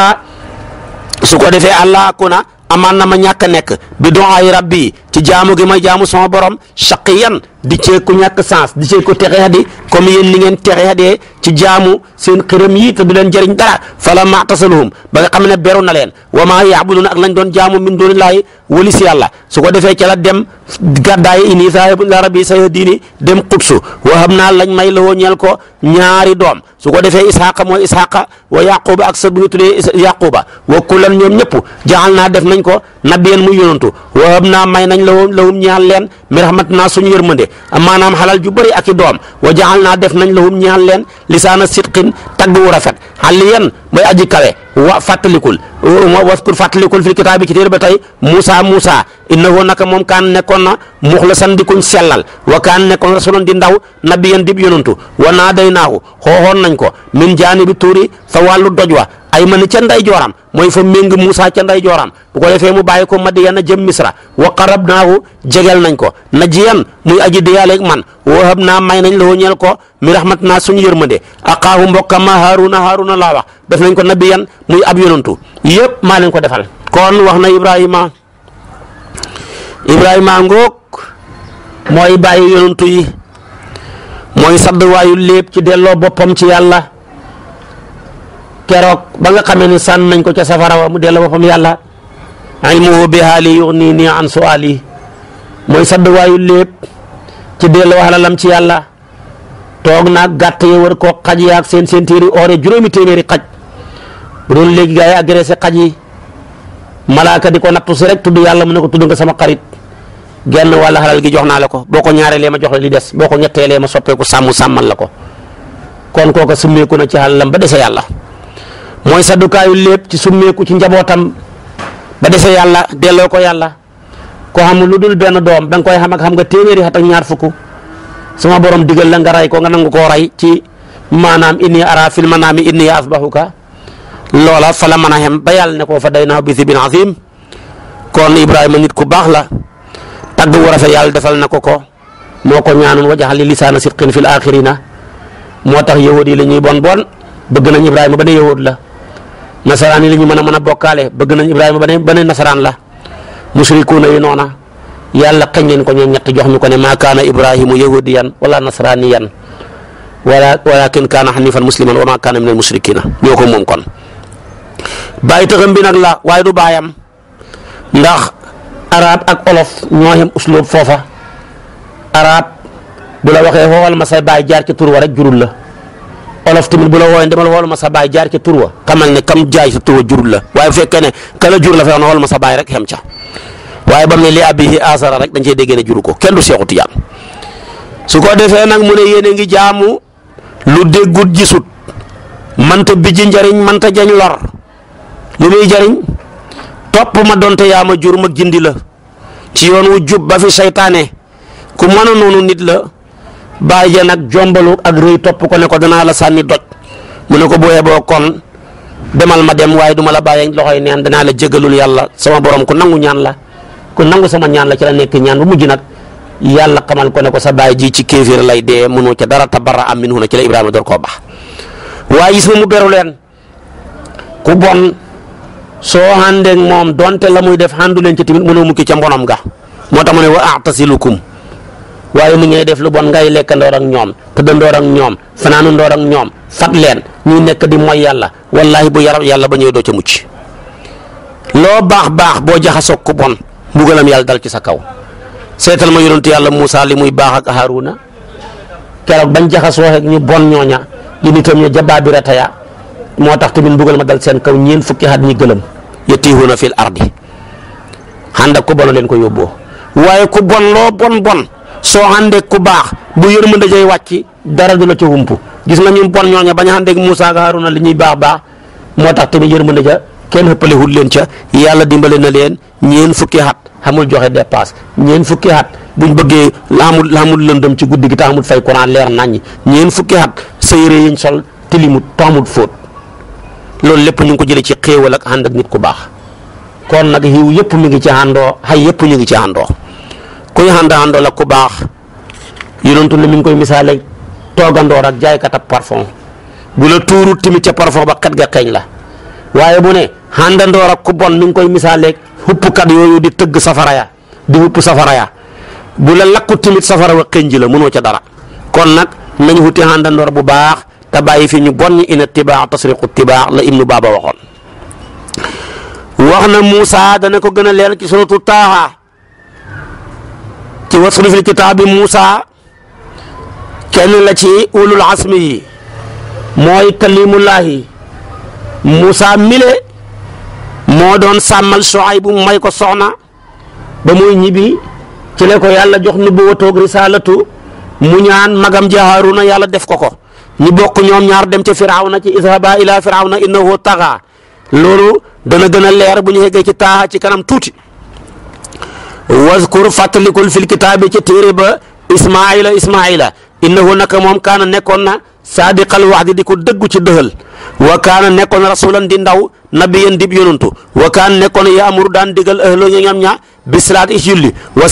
su ko defee allah na amaan na ma ñàkk nekk bi du'aay rabbi ci jaamu gi may jaamu sama borom shaqiyan di cee ku ñàkk sens di cee ku texeadi comme yéen ni ngeen texeadee ci jaamu seen xërëm yi te du leen jëriñ dara fala maatasaluhum ba nga xam ne beru na leen wa maa yaabuduna ak lañ doon jaamu min dunillahi wali si yàlla su ko defee ca la dem gàddaayi ini saahibun ila rabbi sayahdini dem xubsu wahab naa lañ may la lawoo ñeel ko ñaari doom su ko defee ishaqa mooy ishaqa wa yaquba ak sa bu ñu tuddee yaquba wa kullan ñoom ñëpp jaal naa def nañ ko nabiyan mu yonantu wahab naa may nañ lawoo lawum ñaal leen mi rahmat naa suñu yërmande maanaam xalal ju bëri ak i doom wa jaxal naa def nañ la lahum ñaan leen lisaana sidqin tagg wu rafet aliyan mooy aji kawe wa fàttalikul waskur fàttalikul fil kitaabi ci téere ba tey Moussa Moussa innahu naka moom kaan nekkoon na muxlasan di kuñ sellal wa kaan nekkoon rasulan di ndaw nabiyan dib yonantu wa naa day naahu xooxoon nañ ko min jaanibi tuuri sa wàllu doj wa ay man ca nday jooram mooy fa méng Moussa ca nday jooram bu ko defee mu bàyyi ko Madiyana jëm Misra wa qarabnaahu jegel nañ ko na najiyan muy aji diyaaleeg man wahab naa may nañ la woo ñeel ko mi rahmat naa suñu yërmande aqaahu mbokkam ma Haaruna Haaruna laa wax def nañ ko na nabiyan muy ab yonantu yëpp maa leen ko defal kon wax na Ibrahima Ibrahima ngoog mooy bàyyi yonantu yi mooy sadd waayu lépp ci delloo boppam ci yàlla keroog ba nga xamee ni sànn nañ ko ca safara wa mu delloo boppam yàlla ilmuhu bi haali yuxni nii an suali mooy sadduwaayu lépp ci delloo alalam ci yàlla toog naag gàtt yi war koo xaj yaag seen seen téeri oore juróomi téeméeri xaj bu doon léegi gaa yi agressé xaj yi malaaka di ko nattu si rek tudd yàlla mu ne ko tudd nga sama xarit genn walla xalal gi jox naa le ko boo ko ñaareelee ma jox la li des boo ko ñetteelee ma soppeeku sàmm sàmmal la ko kon ko summeeku na ci xalalam ba dese yàlla mooy saddukaayu lépp ci summeeku ci njabootam ba dese yàlla delloo ko yàlla ko xam lu dul benn doom danga koy xam xam nga téeméeri xat ak ñaar fukk sama borom digal la nga ray ko nga nangu ko ray ci maanaam inni ara fil indi inni asbahuka loola fa la mën a xem ba yàlla ne koo fa day na bi sibin azim kon Ibrahima nit ku baax la tagg wu rafet yàlla defal na ko ko moo ko ñaanoon wajaxal li lisaana sidqin fil axirina moo tax yahud yi la ñuy bon bon bëgg nañ Ibrahima ba ne la. nasaraan yi la ñu mën a mën a bokkaale bëgg nañ Ibrahima ba ne ba ne nasaraan la musrikuuna yi noona yàlla xañ leen ko ñoom ñett jox mi ko ne maa kaana Ibrahimu yahudiyan wala nasraniyan wala walakin kaana hanifan musliman wa maa kaana minal musrikiina ñoo ko moom kon. bàyyi taxam bi la waaye du baayam ndax arab ak olof ñoo yem usloob foofa arab bu la waxee foo ma say baay jaar ci tur wa jurul la. olof tamit bu la wooyee demal xool ma sa baay jaar ca tur wa man ne kam jaay sa tur wa jurul la waaye bu ne kala jur la fa wax na xool ma sa baay rek xem ca waaye ba mu ne li abihi asara rek dañ cee déggee ne juru ko kenn du seexu tijaan su ko defee nag mu ne yéen a ngi jaamu lu déggut gisut manta bijji njariñ manta jañ lor li muy jariñ topp ma donte yaa ma jur ma gindi la ci yoon wu jub ba fi seytaane ku mën a noonu nit la bàyyi ja nag jombalu ak rëy topp ko ne ko danaa la sànni doj mu ne ko bu yeboo kon demal ma dem waaye duma ma la bàyyi loxoy neen danaa la jégalul yàlla sama borom ku nangu ñaan la ku nangu sama ñaan la ci la nekk ñaan bu mujj nag yàlla xamal ko ne ko sa bàyyi ji ci kéeféer lay dee mënoo ca dara tabarra am minhu na ci la Ibrahima door koo baax waaye gis nga mu beru leen ku bon soo àndeeg moom donte la muy def àndu leen ci tamit mënoo mukki ca mbonom ga moo tax mu ne wa a'tasilukum waaye mu ñëwee def lu bon ngay lekk ndoor ak ñoom tëdd ndoor ak ñoom fanaanu ndoor ak ñoom fat leen ñuy nekk di mooy yàlla wallahi bu yaram yàlla ba ñëwee doo ca mucc loo baax baax boo jaxasoo ku bon mbugalam yàlla dal ci sa kaw seetal ma yonentu yàlla musaa li muy baax ak Haaruna keroog bañ jaxasoo ak ñu bon ñooña li nitam ñu jabaa bi rataya moo tax tamit mbugal ma dal seen kaw ñeen fukki at ñi gëlëm yatiihuuna fil ardi xanda ku bono leen ko yóbboo soo àndeeg ku baax bu yërmande jay wàcc dara du la ca humpu gis nga ñu bon ñooña bañ a àndeeg Moussa nga na li ñuy baax baax moo tax tamit yërmande ja kenn xëppale wut leen ca yàlla dimbale na leen ñeen fukki xat xamul joxe dépasse ñeen fukki xat buñ bëggee amul amul lëndëm ci guddi gi te amul fay courant leer naññi ñeen fukki xat sa yére yiñ sol tilimut taamut fóot loolu lépp ñu ngi ko jëlee ci xéewal ak ànd ak nit ku baax kon nag yiw yëpp mi ngi ci àndoo xay yëpp ñu ngi ci àndoo kuy ànd àndool ak ku baax yonentu ne mi ngi koy misaale toogandoor ak jaaykat ab parfum bu la tuurut timit ca parfum ba xet ga xeeñ la waaye bu ne àndandoor ak ku bon mi ngi koy misaale xuppkat yooyu di tëgg safara ya di xupp safara ya bu la lakku timit safara wa xëñ ji la mënoo ca dara kon nag nañu wuti àndandoor bu baax te bàyyi fi ñu bon ñi ina tibaax tasriqu tibaax la ibnu baaba waxoon wax na Moussa dana ko gën a leer ci suratu taaha ci wasru fil kitaabi Muusa kenn la ci ulul asmi yi mooy kalimullahi Muusa mile moo doon sàmmal Suayb bu may ko soxna ba muy ñibbi ci la ko yàlla jox nubuwatoog risalatu mu ñaan magam ja Haaruna yàlla def ko ko ñu bokk ñoom ñaar dem ca Firawna ci izhaba ila Firawna innahu taxa loolu dana gën a leer bu ñu yeggee ci taaxa ci kanam tuuti. wazkur fàttalikul fil kitaabi ci téere ba ismaila ismaila innahu naka moom kaana nekkoon na saadiqal waxdi di ko dëggu ci dëxal wa kaana nekkoon rasulan di ndaw nabiyan dib yonantu wa kaana nekkoon yaamuru daan digal ahloo ña ñam ña bisalaat is julli wa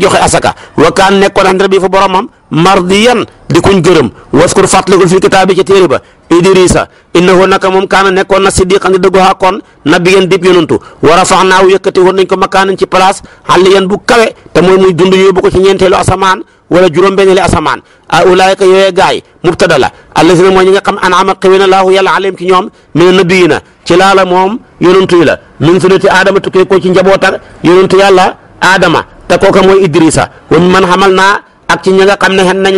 joxe asaka wa kaana nekkoon andra bi fa boromam mardiyan di kuñ gërëm waskur fàttalikul fil kitaabi ci téere ba Idrisa innahu naka moom kaana nekkoon na siddiqan di dëggu xàkkoon nabiyyan dib yonantu war a fax naaw yëkkati woon nañ ko makaanan ci place aliyan bu kawe te mooy muy dund yóbbu ko ci ñeenteelu asamaan wala juróom-benneeli asamaan a ulaayka yooyee gaay mubtada la allazina mooy ñi nga xam an'ama xëwé na laahu yàlla alayhim ci ñoom mina nabiyina ci laa moom yonantu yi min sunnati aadama tukkee ko ci njabootar ci ñi nga xam ne xen nañ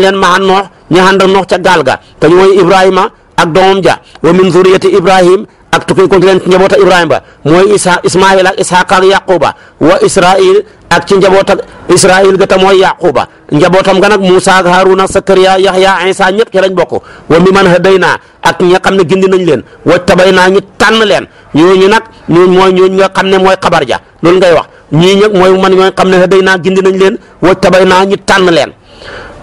leen ak doomam ja wa min zuriyati ibrahim ak tukki continué ci njaboota ibrahima ba mooy isa ismail ak ishaqa ak yaquba wa israil ak ci njaboota israil ga ta mooy yaquba njabootam ga nag moussa ak haruna sakariya yahya isa ñëpp ci lañ bokk wa mi man hadayna ak ñi nga xam ne gindi nañ leen wa tabaynaa ñi tànn leen ñooñu nag ñooñ mooy ñooñ nga xam ne mooy xabar ja loolu ngay wax ñii ñëpp mooy man ñooy xam ne hadaynaa gindi nañ leen wa tabaynaa ñi tànn leen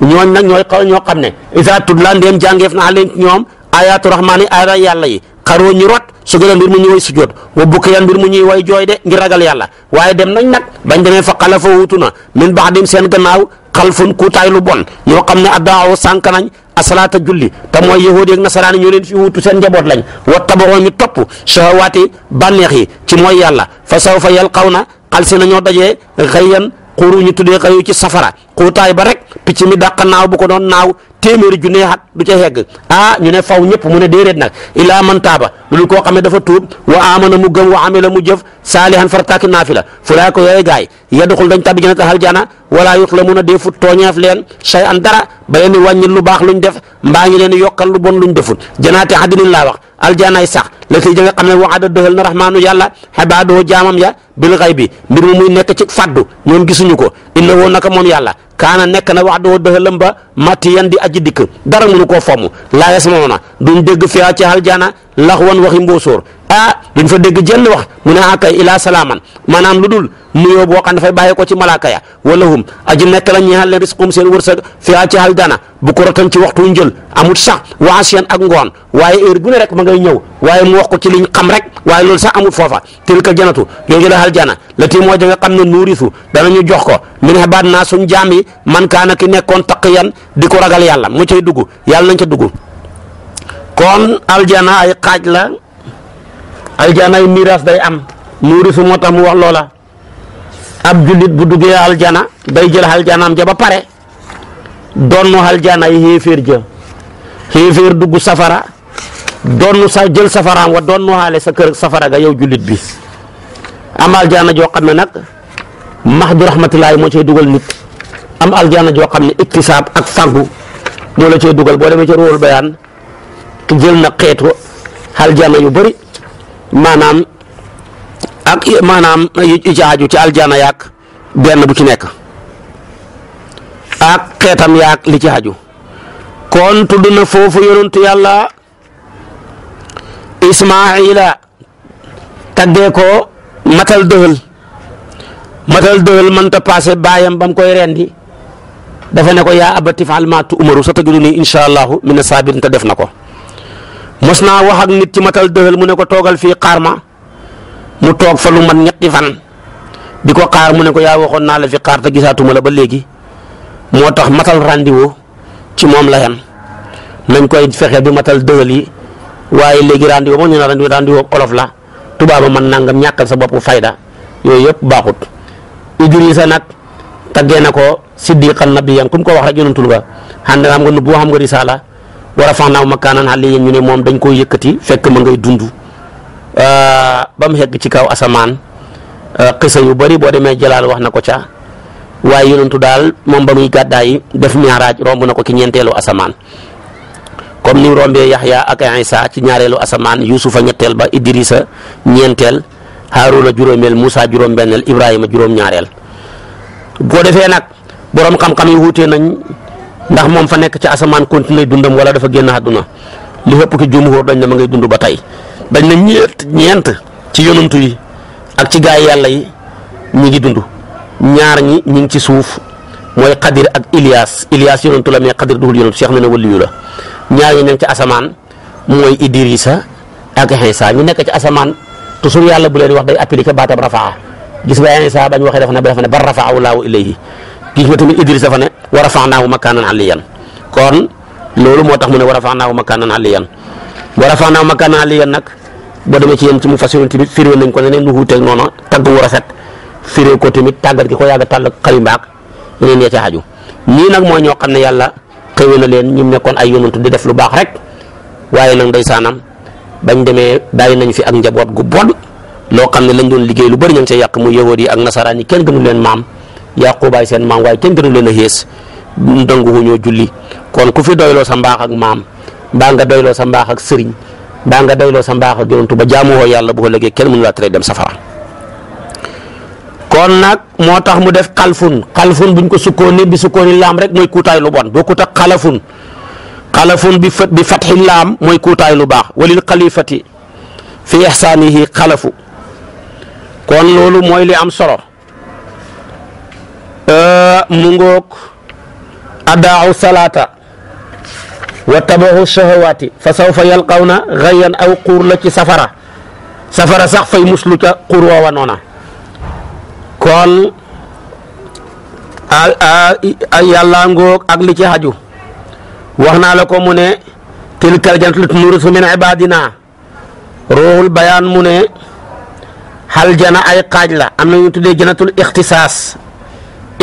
ñooñ nag ñooy ñoo xam ne isa tudla ndéem naa leen ñoom ayaatu rahmaan yi aaya yàlla yi xaroo ñu rot su gëna mbir mu ñuy way sujjoot wa bukkiyan mbir mu ñuy way jooy de ngir ragal yàlla waaye dem nañ nag bañ demee fa xalafa wuutu na min baadim seen gannaaw xalfun kuutaay lu bon ñoo xam ne addaaw sànq nañ asalaata julli te mooy yahuud yeeg nasaraan ñoo leen fi wutu seen njaboot lañ wa tabaroo ñu topp shahawaati bànneex yi ci mooy yàlla fa sawfa xaw na xal na ñoo dajee xëy yan xuru ñu tuddee xëyu ci safara xuutaay ba rek picc mi dàq naaw bu ko doon naaw téeméeri junne xat du ca hegg ah ñu ne faw ñëpp mu ne déedéet nag ilaa man taaba lu koo xam ne dafa tuub wa amana mu gëm wa amila mu jëf saalihan farataaki naafila fulaa ko yooyu gaay yadxul dañ tàbbi jannata aljana wala yutlamuuna deefu tooñeef leen shay an dara ba leen di wàññil lu baax luñ def mbaa ngi leen di yokkal lu bon luñ deful janaati laa wax aljanaay sax la tey ja nga xam ne waada dëxal na rahmaanu yàlla xabaadoo jaamam ya bil xay bi mbir mu muy nekk ci faddu ñoom gisuñu ko inna woo naka moom yàlla kaana nekk na wax doo dëxalam ba matti yan di aji dikk dara mënu koo ma laa yasmauna duñ dégg fiya ci aljana lax wan waxi mbóosóor ah duñ fa dégg jenn wax mu ne akay ilaa salaaman maanaam lu dul nuyoo boo xam dafay bàyyi ko ci malaaka ya wala hum aji nekk la ñeexal leen risqum seen wërsëg fiya ci aljana bu ko rotan ci waxtu njël amut sax waasiyan ak ngoon waaye heure bu ne rek ma ngay ñëw waaye mu wax ko ci liñ xam rek waaye loolu sax amut foofa aljana la tii moo ja nga xam ne nuurisu ñu jox ko min xibaat naa su jaam yi man kaana ki nekkoon yan di ko ragal yàlla mu cay dugg yàlla nañ ca dugg kon aljana ay xaaj la aljana ay miraas day am nuurisu moo tax mu wax loola ab jullit bu duggee aljana day jël aljanaam ja ba pare doonnu aljana ay xéeféer ja xéeféer dugg safara doonnu sa jël safaraam wa doonnu xaale sa kër safara ga yow jullit bi am aljaana joo xam ne nag mahdu rahmatillahi moo cay dugal nit am aljaana joo xam ne iktisaab ak fàggu moo la cay dugal boo demee ci ruwul bayaan jël na xeetu aljaana yu bari maanaam ak maanaam yu ci aju ci aljaana yaak benn bu ci nekk ak xeetam yaak li ci aju kon tudd na foofu yonentu yàlla Ismaila taggee ko matal dëhël matal dëhël mënta passé baayam ba koy rendi dafa ne ko yaa abati faal sata tu'maru satajiduni insha allahu ne saabiriin te def na ko mos naa wax ak nit ci matal dëhël mu ne ko toogal fii xaar ma mu toog fa lu man ñetti fan di ko xaar mu ne ko yaa waxoon naa la fi xaar te gisaatuma la ba léegi moo tax matal rendez ci moom la yan nañ koy fexe bi matal dëhël yi waaye léegi rendez-vous moom ñu ne rendez-vous rendez-vous olof la tubaaba man nangam ñàkkal sa bopp fayda yooyu yëpp baaxut Idrissa nag taggee na ko siddiqan nabiyan ku mu ko wax rek yonantul nga xam nga xam nga nubu xam nga risaala war a fax naaw makaanan xale yéen ñu ne moom dañ koy yëkkati fekk ma ngay dund euh, ba mu xegg ci kaw asamaan euh, xisa yu bari boo demee jalaal wax na ko ca waaye yonantu daal moom ba muy gàddaay def miaraaj romb na ko ki ñeenteelu asamaan comme ni mu rombee Yaxya ak Isa ci ñaareelu asamaan Yuusufa ñetteel ba Idrisa ñeenteel Haaruna juróomeel Moussa juróom-benneel Ibrahima juróom-ñaareel bu defee nag boroom xam-xam yi wutee nañ ndax moom fa nekk ci asamaan continué dundam wala dafa génn àdduna li ëpp ci jumhur dañ ne ma ngay dund ba tey dañ ne ñeent ñeent ci yonantu yi ak ci gaay yàlla yi ñi ngi dund ñaar ñi ñi ngi ci suuf mooy Xadir ak Ilias Ilias yonantu la mais Xadir duhul yonantu Cheikh ne la. ñaar ñu nekk ci asamaan mooy Idrissa ak Insa ñu nekk ci asamaan toujours yàlla bu leen wax day appliqué baatam rafaa gis nga Insa bañ waxee dafa ne ba dafa ne ba rafaahu laahu ilayhi gis nga tamit Idrissa dafa ne wa rafaanaahu makaanan aliyyan kon loolu moo tax mu ne wa rafaanaahu makaanan aliyyan wa rafaanaahu makaanan aliyyan nag boo demee ci yéen ci mu fasiroon tamit firé nañ ko ne neen nu wuuteeg noonu tagg wu rafet ko tamit tàggat gi ko yàgg a tàll xalimbaak yeneen ya ca aju xëwee na leen ñu nekkoon ay yonantu di def lu baax rek waaye nag ndeysaanam bañ demee bàyyi nañ fi ak njaboot gu bon loo xam ne lañ doon liggéey lu bëri ñu ngi yàq mu yahuud yi ak nasaraan yi kenn gënu leen maam yàqubaay seen maam waaye kenn gënu leen a xées danguwu ñoo julli kon ku fi doyloo sa mbaax ak maam mbaa nga doyloo sa mbaax ak sëriñ mbaa nga doyloo sa mbaax ak yonantu ba jaamuwoo yàlla bu ko lëggee kenn mënu laa tere dem safara kon nag moo tax mu def xalfun xalfun buñ ko sukkooni bi sukkooni laam rek mooy kuutaay lu bon bokkut ak xalafun xalafun bi fa bi fatxi laam mooy kuutaay lu baax walil xalifati fi ixsaanihi xalafu kon loolu mooy li am solo euh, mu ngoog adaaw salaata wa tabaxu shahawaati fa sawfa yalqawna xayan aw xuur la ci safara safara sax fay muslu ca xuur woowa noona kon a yàlla ngoog ak li ci haju wax naa la ko mu ne tilkal jannatu nuurisu min ibadina ruuxul bayaan mu ne xal jana ay xaaj la am na ñu tuddee jannatul ixtisaas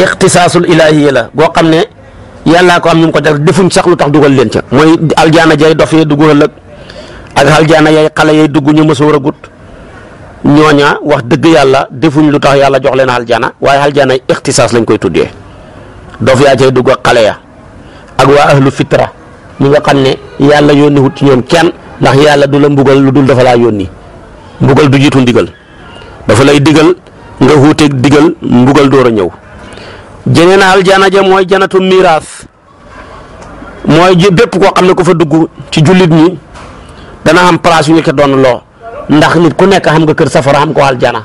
ixtisaasul ilaahiya la goo xam ne yàllaa ko am ñu mu ko def defuñ sax lu tax dugal leen ca mooy aljaana jay dof yee dugg ëllëg ak aljaana yay xale yay dugg ñu mësoo ragut ñooña wax dëgg yàlla defuñ lu tax yàlla jox leen aljana waaye aljana ixtisaas lañ koy tuddee dof yaa cay dugg xale ya ak waa ahlu fitra ñi nga xam ne yàlla yónni wut ci ñoom kenn ndax yàlla du la mbugal lu dul dafa laa yónni mbugal du jiitu ndigal dafa lay digal nga wuuteeg digal mbugal door a ñëw jeneen aljana ja mooy janatu miraas mooy bépp ko xam ne ko fa dugg ci jullit ñi dana am place yu ñu ko doon loo ndax nit ku nekk xam nga kër safara xam ko aljana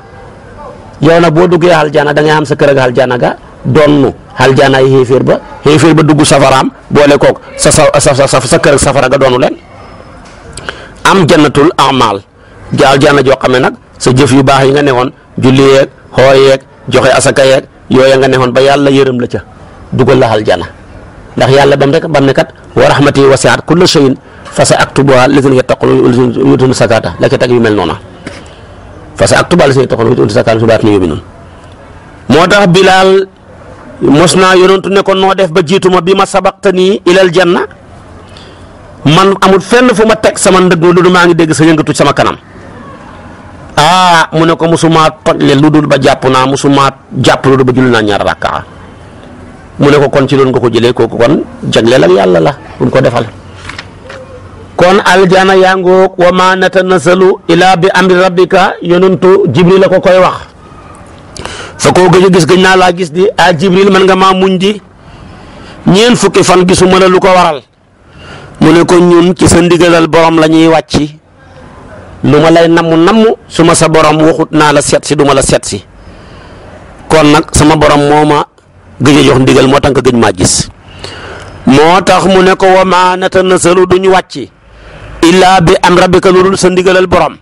yow nag boo duggee aljana da ngay am sa kër ak aljana ga donnu aljana yi xéeféer ba xéeféer ba dugg safaraam boole koog sa sa sa kër ak safara ga doonu leen am jannatul amal ja aljana joo xam ne nag sa jëf yu baax yi nga newoon julli yeeg xoor yeeg joxe asaka yeeg yooya nga newoon ba yàlla yërëm la ca duggal la aljana ndax yàlla bam rek bam ne kat wa rahmati wasiat kulla shay'in fa sa aktubuhaa lazina yattaquuna wa yu'tuuna zakaata la ca teg yu mel noonu fa sa aktubuhaa lazina yattaquuna wa yu'tuuna zakaata su baat moo tax Bilaal mos naa yonantu ne ko noo def ba jiitu ma bi ma sabaqtanii ilal man amul fenn fu ma teg sama ndëg maa ngi dégg sa yëngatu sama kanam aa ah, mu ne ko musumaa toj le lu dul ba jàpp naa musumaa jàpp lu dul ba julli naa ñaar rakkaa mu ne ko kon ci loolu nga ko jëlee kooku kon jagleel ak yàlla la bu ko defal. kon aljana yaa ngoog wa ma natanasalu ila bi am rabbika yonantu jibril la ko koy wax fa koo gëj a gis gëj naa laa gis di a jibril man nga maa muñ di ñeen fukki fan gisu mën lu ko waral mu ne ko ñun ci sa ndigalal borom la ñuy wàcc lu ma lay namm namm su ma sa borom waxut naa la seet si du ma la seet si kon nag sama borom moo ma gëj a jox ndigal moo tax nga gëj maa gis moo tax mu ne ko wa ma natanasalu duñ wàcc illaa bi am rabbika loolul sa ndigalal borom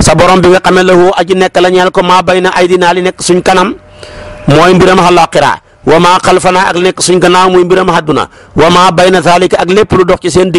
sa borom bi nga xamee la woo aji nekk la ñeel ko maa bay na ay dinaa li nekk suñ kanam mooy mbiram àllaaxira wa maa xalfanaa ak nekk suñ gannaaw muy mbiram àdduna wa maa bay na zaalika ak lépp lu dox ci seen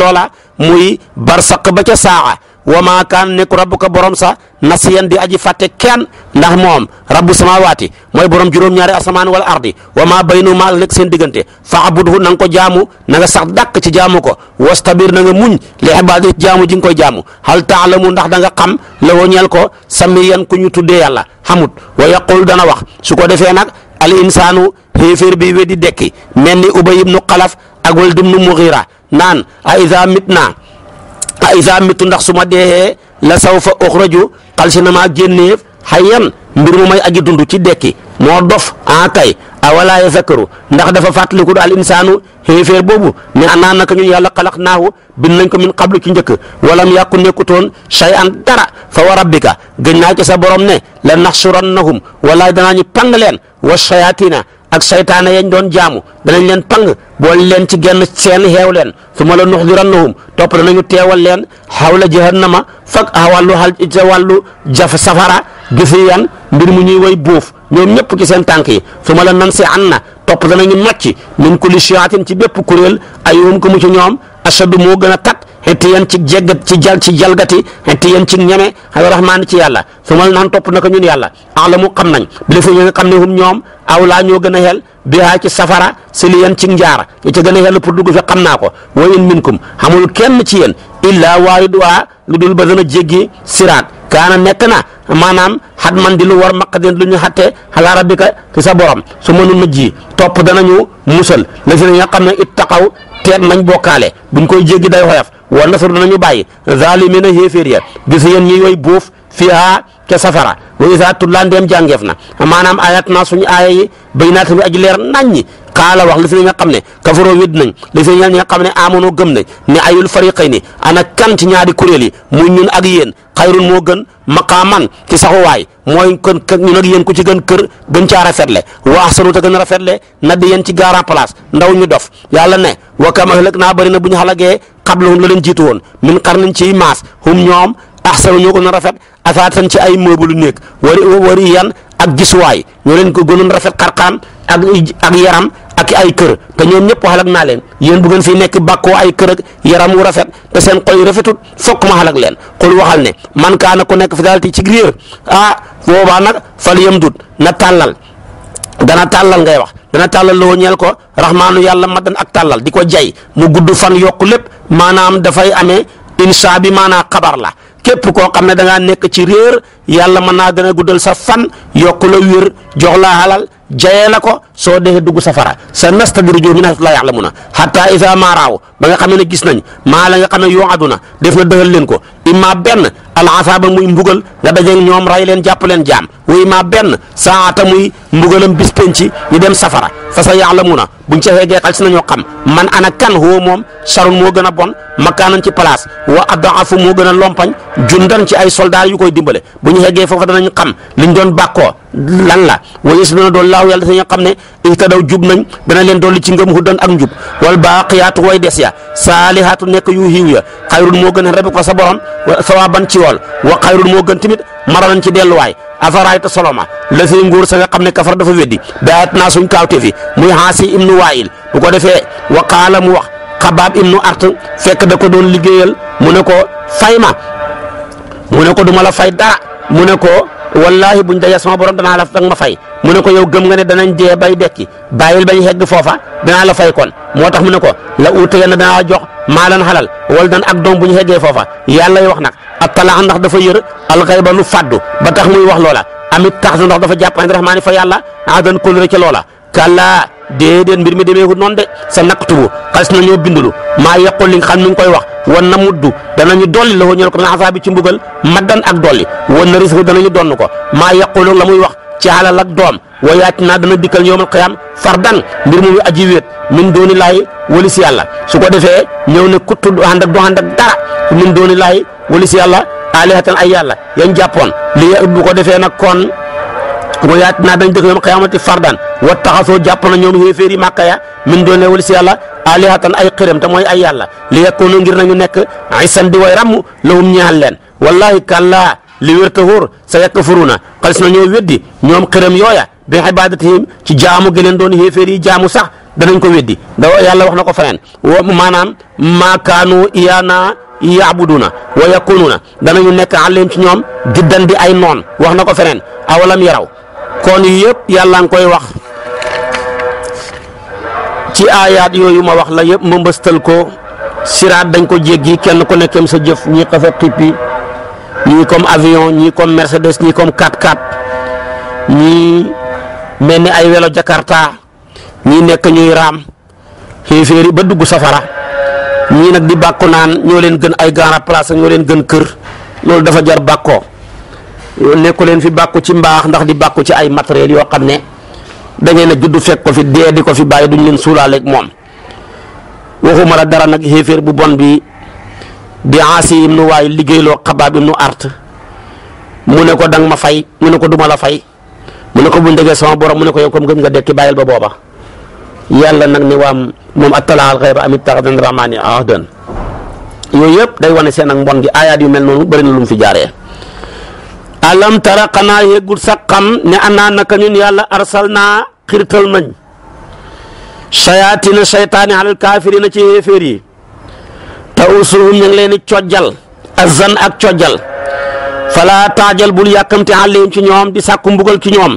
loola muy barsaq ba ca saaxa wa maa kaan nekk rabbuka borom sa nasiyan di aji fàtte kenn ndax moom rabbu samaawaati mooy borom juróom-ñaari asamaan wala ardi wa maa baynuma ak nekk seen diggante faabudhu na nga ko jaamu na nga sax dàq ci jaamu ko wastabir na nga muñ li ibaadati jaamu ji nga koy jaamu hal mu ndax da nga xam la woo ñeel ko samiyan ku ñu tuddee yàlla xamut wa yaqul dana wax su ko defee nag al insaanu xéeféer bi weddi dekki mel ni ubay ibnu xalaf ak wal dum nu muxiira naan a iza mitna a iza mitu ndax su ma dee la sawfa uxraju xal si na maa génneef xayyan mbir mu may aji dund ci dekki moo dof a kay awalaa yazakkaru ndax dafa fàttaliku daal insaanu xéeféer boobu ne anaa naka ñun yàlla xalaq naahu bin nañ ko min qablu ci njëkk walam yàqu nekkutoon shay an dara fa wa rabbika gën naa ci sa borom ne la naxsurannahum walaay danaa ñu pang leen wa shayatina ak saytaana yañ doon jaamu danañ leen pang boo leen ci genn seen xeew leen su ma la nuxdirannahum topp ñu teewal leen xawla jahannama fag a wàllu xal ca wàllu safara gisi yan mbir mu ñuy way buuf ñoom ñëpp ci seen tànk yi su ma la nan si an na topp danañu nocci min kulli shiatin ci bépp kuréel ayum ko mu ci ñoom ashadu moo gën a tat xetti yan ci jeggat ci jal ci jalgati xetti yan ci ñeme xay rahmaan ci yàlla su ma la nan topp naka ñun yàlla alamu xam nañ bi fi ñu nga xam ne hum ñoom aw laa ñoo gën a xel bihaa ci safara si li yan ci njaar ñi ci gën a xel pour dugg fi xam naa ko wa in minkum xamul kenn ci yéen illaa waariduhaa lu dul ba dana jéggi siraat kaana nekk na maanaam xat man di lu war maqadin lu ñu xatte ala rabbika ci sa borom su ma nu ji topp da na danañu musal la si nga xam ne it taxaw teet nañ bokkaale buñ koy jéggi day xoyaf wa na ñu bàyyi zaalimiina xéeféer ya gis yéen ñi yooyu buuf fiihaa ca safara wa sa tullaan dem jàngeef na maanaam ayat naa suñu aaya yi baynaatin aji leer naññi xaala wax li fi nga xam ne kafaroo wédd nañ li fi ñi nga xam ne amonoo gëm nañ ne ayul fariqay ni ana kan ci ñaari kuréel yi muy ñun ak yéen xayrun moo gën maqaaman ci waay mooy kon ñun ak yéen ku ci gën kër gën caa rafetle wa ahsanu te gën a rafetle na di yéen ci garan place ndaw ñu dof yàlla ne wa kam na naa bëri na bu ñu xalagee xablahum la leen jiitu woon min nañ ciy maas hum ñoom ahsanu ñoo gën a rafet asaatan ci ay meuble lu nekk wari wari yan ak gisuwaay ñoo leen ko gënoon rafet xarxaan ak ak yaram ak ay kër te ñoom ñëpp xalak naa leen yéen bu ngeen fi nekk bàkkoo ay kër ak yaram wu rafet te seen xol yi rafetut fokk ma xalak leen xul waxal ne man ka na ko nekk fi daal ci réer ah boobaa nag fal yamdud na tàllal dana tàllal ngay wax dana tàllal loo ñeel ko rahmaanu yàlla ma dan ak tàllal di ko jay mu gudd fan yokku lépp maanaam dafay amee incha bi maanaam xabar la képp koo xam ne danga nekk ci réer yàlla mën naa dana guddal sa fan yokku jayee na ko soo dee dugg safara sa nastadrijuhum min haysu laa ya'lamuuna hattaa izaa maa ra'aw ba nga xamee ne gis nañ maa la nga xam ne yuu'aduuna def na dëxal leen ko imma benn al'asaaba muy mbugal nga dajeeg ñoom rey leen jàpp leen jaam wa imma benn saa'ata muy mbugalam bis penc ñu dem safara fa sa ya'lamuuna buñ ca xeegee xal si ñoo xam man ana kan huwa moom sarun moo gën a bon makaanan ci place wa ad'afu moo gën a lompañ jundan ci ay soldaar yu koy dimbale bu ñu xeegee foofa danañ xam liñ doon doon laahu yàlla dañu ihtadaw jub nañ dana leen dolli ci ngëm huddan ak njub wal baaqiyaatu way des ya saalihaatu nekk yu hiiw ya xayrun moo gën a rabi ko sa borom sawaaban ci yool wa xayrun moo gën tamit maralan ci delluwaay afaraayta soloma la sey nguur sa nga xam ne kafar dafa weddi daat naa suñ kaawte fi muy xaasi ibnu waayil bu ko defee wa qaala mu wax xabaab ibnu art fekk da ko doon liggéeyal mu ne ko fay ma mu ne ko du ma fay dara mu ne ko wallahi buñ dajee sama borom danaa la danga ma fay mu ne ko yow gëm nga ne danañ dee bay dekki bàyyil bañ hegg foofa dana la fay kon moo tax mu ne ko la uutayann danaa jox maa maalan xalal wala dan ak doom bu ñu heggee foofa yàlla wax nag attala ndax dafa yër alxayba lu faddu ba tax muy wax loola amit tax ndax dafa jàpp an rahmaani fa yàlla adan kóllëre ca loola kàllaa déedéet mbir mi demeeku noonu de sa naktubu xas nañoo bindulu maa yequl li nga xam ni ngi koy wax wan na muddu danañu dolli la ko ñël ko min asaabi ci mbugal maddan ak dolli wan na risku danañu donn ko maa yequlu la muy wax ci xalal ak doom wa yaatinaa dana dikkal yowmal qiyaam fardan mbir mu aji wéet min dooni laay wali si yàlla su ko defee ñëw ne ku tudd ànd ak doo ànd ak dara min dooni laay wali si yàlla alihatan ay yàlla yañ jàppoon li bu wa yaatinaa dañ dëkk yawmal qiyaamati fardan wa taxasoo jàpp na ñoom xéeféer yi màkka ya min doon wali si yàlla alihatan ay xërëm te mooy ay yàlla li yekkoonu ngir nañu nekk ay sandi way ràmm lawum ñaal leen wallahi kallaa li wér ta sa yekk furuna xalis na weddi ñoom xërëm yooya bi ibadatihim ci jaamu gi doon xéeféer jaamu sax danañ ko weddi da yàlla wax na ko feneen maanaam maakaanu iyaana yaabuduna wa yakununa danañu nekk alim ci ñoom diddan di ay noon wax na ko feneen awalam yaraw kon yëpp yàlla ngi koy wax ci aayaat yooyu ma wax la yëpp ma mbëstal ko siraat dañ ko jéggi kenn ku nekkem sa jëf ñii xafa xippi ñii comme avion ñii comme mercedes ñii comme 4x4 ñii mel ni ay welo jakarta ñii nekk ñuy raam xéeféeri ba dugg safara ñii nag di bàkku naan ñoo leen gën ay grand place ñoo leen gën kër loolu dafa jar bàkkoo nekku leen fi bàkku ci mbaax ndax di bàkku ci ay matériel yoo xam ne da ngeen a juddu fekk ko fi dee di ko fi bàyyi duñ leen suulaaleeg moom waxuma la dara nag xéeféer bu bon bi di ansi im nu waay liggéeyloo xabaab im nu art mu ne ko danga ma fay mu ne ko duma la fay mu ne ko bu ndegee sama borom mu ne ko yow comme gëm nga dekki bàyyil ba booba yàlla nag ni waam moom attala al ghayba am ittaxada rahmaani ahdan yooyu yëpp day wane seen ak mbon gi aayaat yu mel noonu bëri na lu mu fi jaare alam tara xanaa yëggul sax xam ne anaa naka ñun yàlla arsal naa xirtal nañ sayaatina saytaani alal kaafirina ci xéeféer yi te ursuhum ñu ngi leen di cojjal azan ak cojjal fala taajal bul yàkkamte alayhim ci ñoom di sàkku mbugal ci ñoom.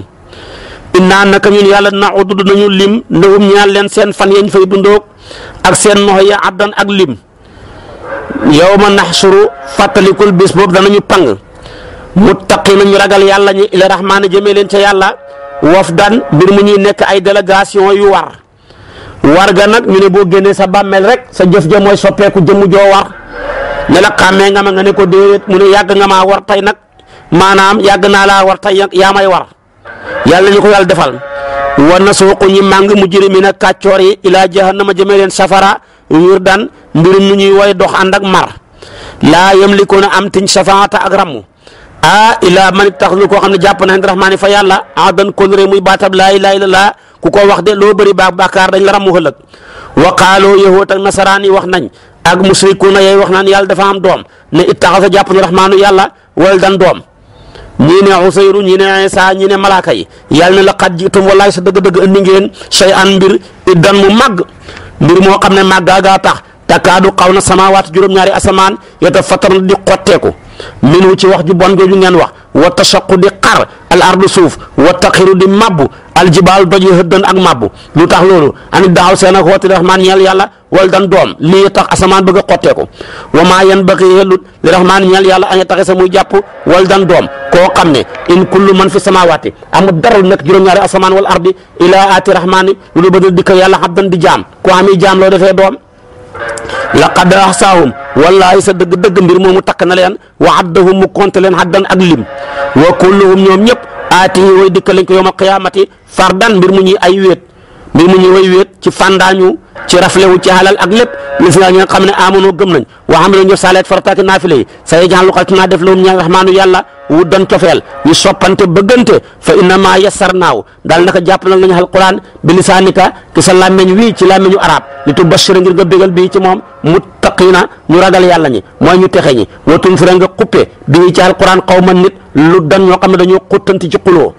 naan na ñun yàlla naudu nañu lim ndawum ñaan leen seen fan yañ fay dundoog ak seen nox ya addan ak lim yawma naxsuru fàttalikul bis boobu danañu pang muttaqina ñu ragal yàlla ñi ila rahmaani jëmee leen ca yàlla wafdan mbir mu ñuy nekk ay délégation yu war warga nag ñu ne boo génnee sa bàmmeel rek sa jëf ja mooy soppeeku jëmm joo war ne la nga ma nga ne ko déedéet mu ne yàgg nga maa war tey nag maanaam yàgg naa laa war tey yaa war. yàlla ñu ko yàlla defal wa nasuuqu ñi màng mujrimina kàccoor yi ilaa jahannama jëmee leen safara wirdan mbirum nu ñuy woy dox ànd ak mar laa na am tiñ safaata ak ramu ah ilaa man taxlu koo xam ne jàpp na rahmaani fa yàlla adan kóllëre muy baatab laa la la ku ko wax de loo bëri baa bàkkaar dañ la ramu xëlëg wa qaaloo yahuud ak nasaraan yi wax nañ ak na yooyu wax naan yàlla dafa am doom ne ittaxasa jàpp na rahmaanu yàlla wal dan doom ñii ne Xusayru ñii ne Isa ñii ne malaaka yi yàlla ne laqad sa dëgg-dëgg andi ngeen shay an mbir iddan mu màgg mbir moo xam ne màggaa gaa takaadu xaw na samaawaat juróom-ñaari asamaan yota fatar di xotteeku minu ci wax ju bon jooju ngeen wax wa tashaqu di xar al ardu suuf wa taxiru di mabbu aljibaal doj yi hëddan ak mabbu lu tax loolu ani daaw seen ak woote rahmaan ñeel yàlla wal dan doom lii tax asamaan bëgg a xotteeku wa maa yan bëgg yellut li rahmaan ñeel yàlla aña taxe sa muy jàpp wal dan doom koo xam ne in kullu man fi samaawaati amul dara lu nekk juróom-ñaari asamaan wal ardi ilaa aati rahmaani lu lu bëgg di ko yàlla abdan di jaam ku amee jaam loo defee doom laqad ahsaahum wallaahi sa dëgg-dëgg mbir moomu takk na leen wa addahum mu compté leen haddan ak lim wa kulluhum ñoom ñëpp aatihi way dikka lañ ko yowmal qiyaamati fardan mbir mu ñuy ay wéet mbir mu ñuy way wéet ci fàndaañu ci raflewu ci halal ak lépp gis nga ñi nga xam ne amonoo gëm nañ wa amiloo ñu saaleet farataaki naafile yi sa ye jaxan lu xaltu naa def lawum ña rahmaanu yàlla wu dan cofeel ñu soppante bëggante fa innama yassar naaw daal naka jàppalal nañ alquran bi lisaanika ki sa làmmeñ wii ci làmmeñu arab li tu bashira ngir nga bégal bii ci moom muttaqiina ñu ragal yàlla ñi mooy ñu texe ñi wa tunfira nga xuppe bii ci alquran xaw ma nit dan ñoo xam ne dañoo xuttanti ci xuloo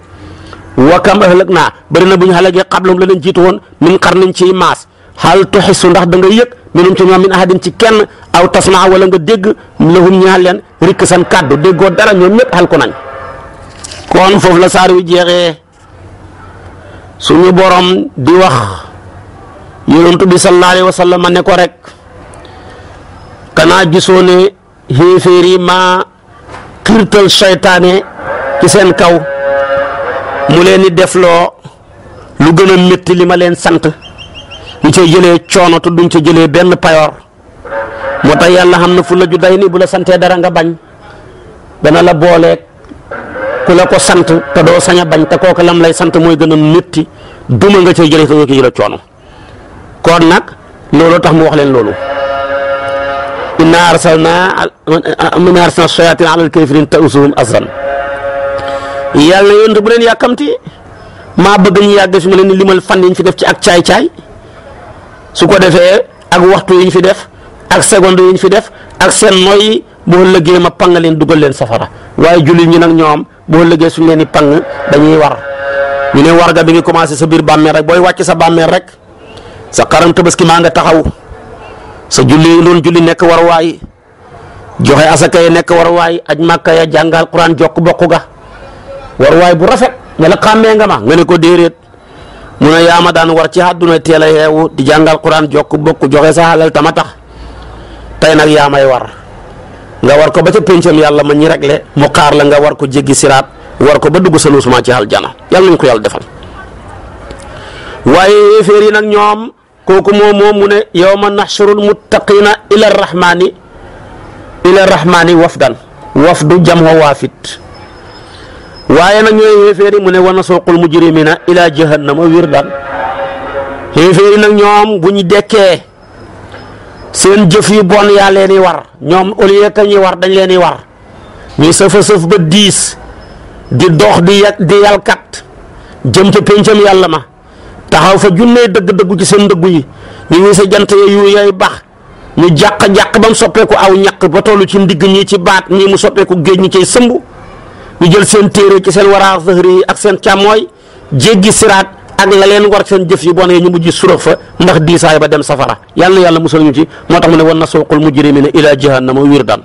wa kam ahlak naa bëri na bu ñu xalagee xablum la leen jiitu woon min qarnin ciy maas xal tuxisu ndax da nga yëg minum ci ñoom min ahadin ci kenn aw tas tasmaa wala nga dégg lahum ñaal leen rikk san kàddu déggoo dara ñoom ñëpp xal ko nañ kon foofu la saar wi jeexee suñu borom di wax yonent bi sallallahu alayhi wa ne ko rek kanaa gisoo ne xéeféer yi maa xiirtal seytaane ci seen kaw mu leen di defloo lu gën a métti li ma leen sant ñu ca jëlee coono te duñ ca jëlee benn payoor moo tax yàlla xam na fu la ju day ni bu la santee dara nga bañ dana la booleeg ku la ko sant te doo sañ bañ te kooku lam lay sant mooy gën a métti duma nga ca jëlee te doo ca jëlee coono kon nag loolu tax mu wax leen loolu inna arsalna inna arsalna shayatin alal ta ta'usuhum azran yàlla yonent bu leen yàkkamti maa bëgg ñu yàgg su ma leen limal fan yi fi def ci ak caay-caay su ko defee ak waxtu yi fi def ak seconde yi fi def ak seen noy yi boo lëggee ma pang leen dugal leen safara waaye jullit ñi nag ñoom boo lëggee suñ leen di pang dañuy war ñu ne war ga bi ngi commencé sa biir bàmmeel rek booy wàcc sa bàmmeel rek sa xaram tabaski maa nga taxaw sa julli doon julli nekk war waay joxe asaka yi nekk war waay aj màkka ya jàngal quran jokk bokk ga waruwaay bu rafet ne la xàmmee nga ma nga ne ko déeréet mu ne yaa ma daan war ci àdduna teel a yeewu di jàngal quran jokk bokk joxe sa xalal tama tax tey nag yaa may war nga war ko ba ca pencam yàlla ma ñi regle mu xaar la nga war ko jéggi siraat war ko ba dugg sa luusuma ci aljana yàlla nañ ko yàlla defal waaye yéeféer yi nag ñoom kooku moom moom mu ne yawma nahshurul muttaqina ila rahmani ila rahmani wafdan wafdu jamho waafit waaye nag ñooy xéeféeri mu ne wa nasuuqul mujrimina ilaa jahannama wirdan xéeféeri nag ñoom bu ñu dekkee seen jëf yu bon yaa leen di war ñoom au lieu que ñuy war dañ leen di war ñuy sëfa sëf ba diis di dox di ya di yalkat jëm ca péncam yàlla ma taxaw fa junnee dëgg-dëggu ci seen dëggu yi ñu ngi sa jant yu yooyu bax ñu jàq-jàq ba mu soppeeku aw ñaq ba tollu ci ndigg ñi ci baat ñi mu soppeeku géej ñi cay sëmb ñu jël seen téere ci seen waraa zahri ak seen càmmooy jéggi siraat ak la leen war seen jëf yi bon yi ñu mujj surux fa ndax diisaay ba dem safara yàlla yàlla musal ñu ci moo tax mu ne wa nasuuqul mujrimina ila jahannama wirdan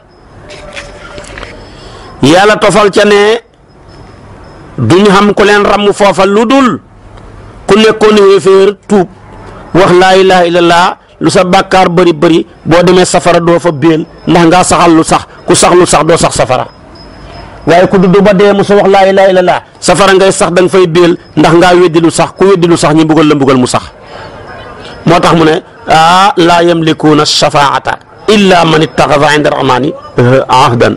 yàlla tofal ca ne duñ xam ku leen ramm foofa lu dul ku nekkoon yéeféer tuub wax laa ilaha illallah lu sa bàkkaar bari bari boo demee safara doo fa béel ndax ngaa saxal lu sax ku sax lu sax doo sax safara waaye ku dudd ba dee mu sa wax laa ilaaha illallaah safara ngay sax da nga fay béel ndax ngaa weddi sax ku weddi sax ñi mbugal la mbugal mu sax moo tax mu ne ah la yamlikuuna shafaata illa man ittaxada inda rahmaani ahdan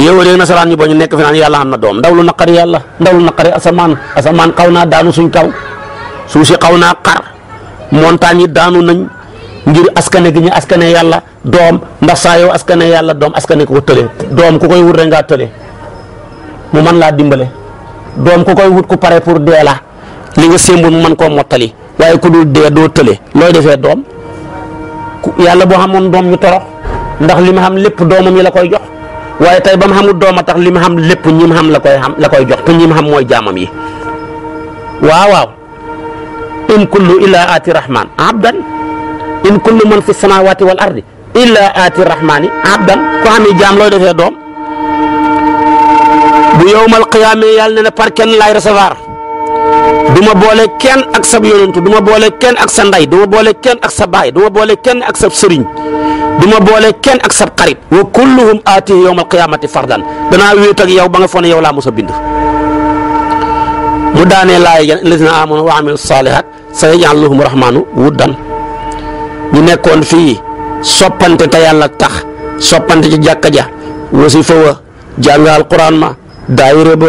yow rek nasaraan ñu boo ñu nekk fi naan yàlla am na doom ndaw lu naqari yàlla ndaw lu naqari asamaan asamaan xaw naa daanu suñ kaw suuf si xaw naa xar montagne yi daanu nañ ngir askane gi ñu askane yàlla doom ndax saa yow askane yàlla doom askane ko tële doom ku koy wut rek ngaa tële mu mën laa dimbale doom ku koy wut ku pare pour dee la li nga sémboon mu mën koo mottali waaye ku dul dee doo tële looy defee doom yàlla boo xamoon doom ñu torox ndax li ma xam lépp doomam yi la koy jox waaye tey ba mu xamul doom a tax li ma xam lépp ñi ma xam la koy xam la koy jox te ñi ma mooy jaamam yi waaw waaw in kullu illaa aati rahman abdan in kullu man fi samawati wal ardi illa aati rahmani abdan ko xam ne jaam looy defee doom bu yowmal qiyaama yàlla ne na par kenn laay recevoir du ma boole kenn ak sab yonentu du ma boole kenn ak sa ndey du ma boole kenn ak sa baay du ma boole kenn ak sa sëriñ du ma boole kenn ak sab xarit wa kulluhum aatihi yowmal qiyaamati fardan danaa wéet ak yow ba nga foog ne yow laa mos a bind mu daanee laay lazina aamanu wa amilu saalihaat sayaj'alu lahum rahmaanu wuddan ñu nekkoon fii soppante te yàlla tax soppante ci jàkka ja wasifa wa jàng alquran ma daayira ba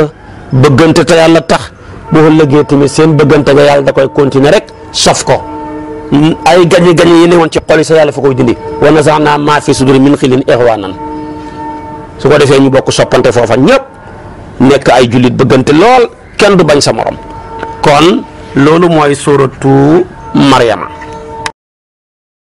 bëggante te yàlla tax boo ëllëgee tamit seen bëggante nga yàlla da koy continuer rek sof ko ay gañe gañe yi ne woon ci xol yi sa yàlla fa koy dindi wa nazaanaa maa fi suduri min xilin ixwaanan su ko defee ñu bokk soppante foofa ñëpp nekk ay jullit bëggante lool kenn du bañ sa morom kon loolu mooy suuratu Maryama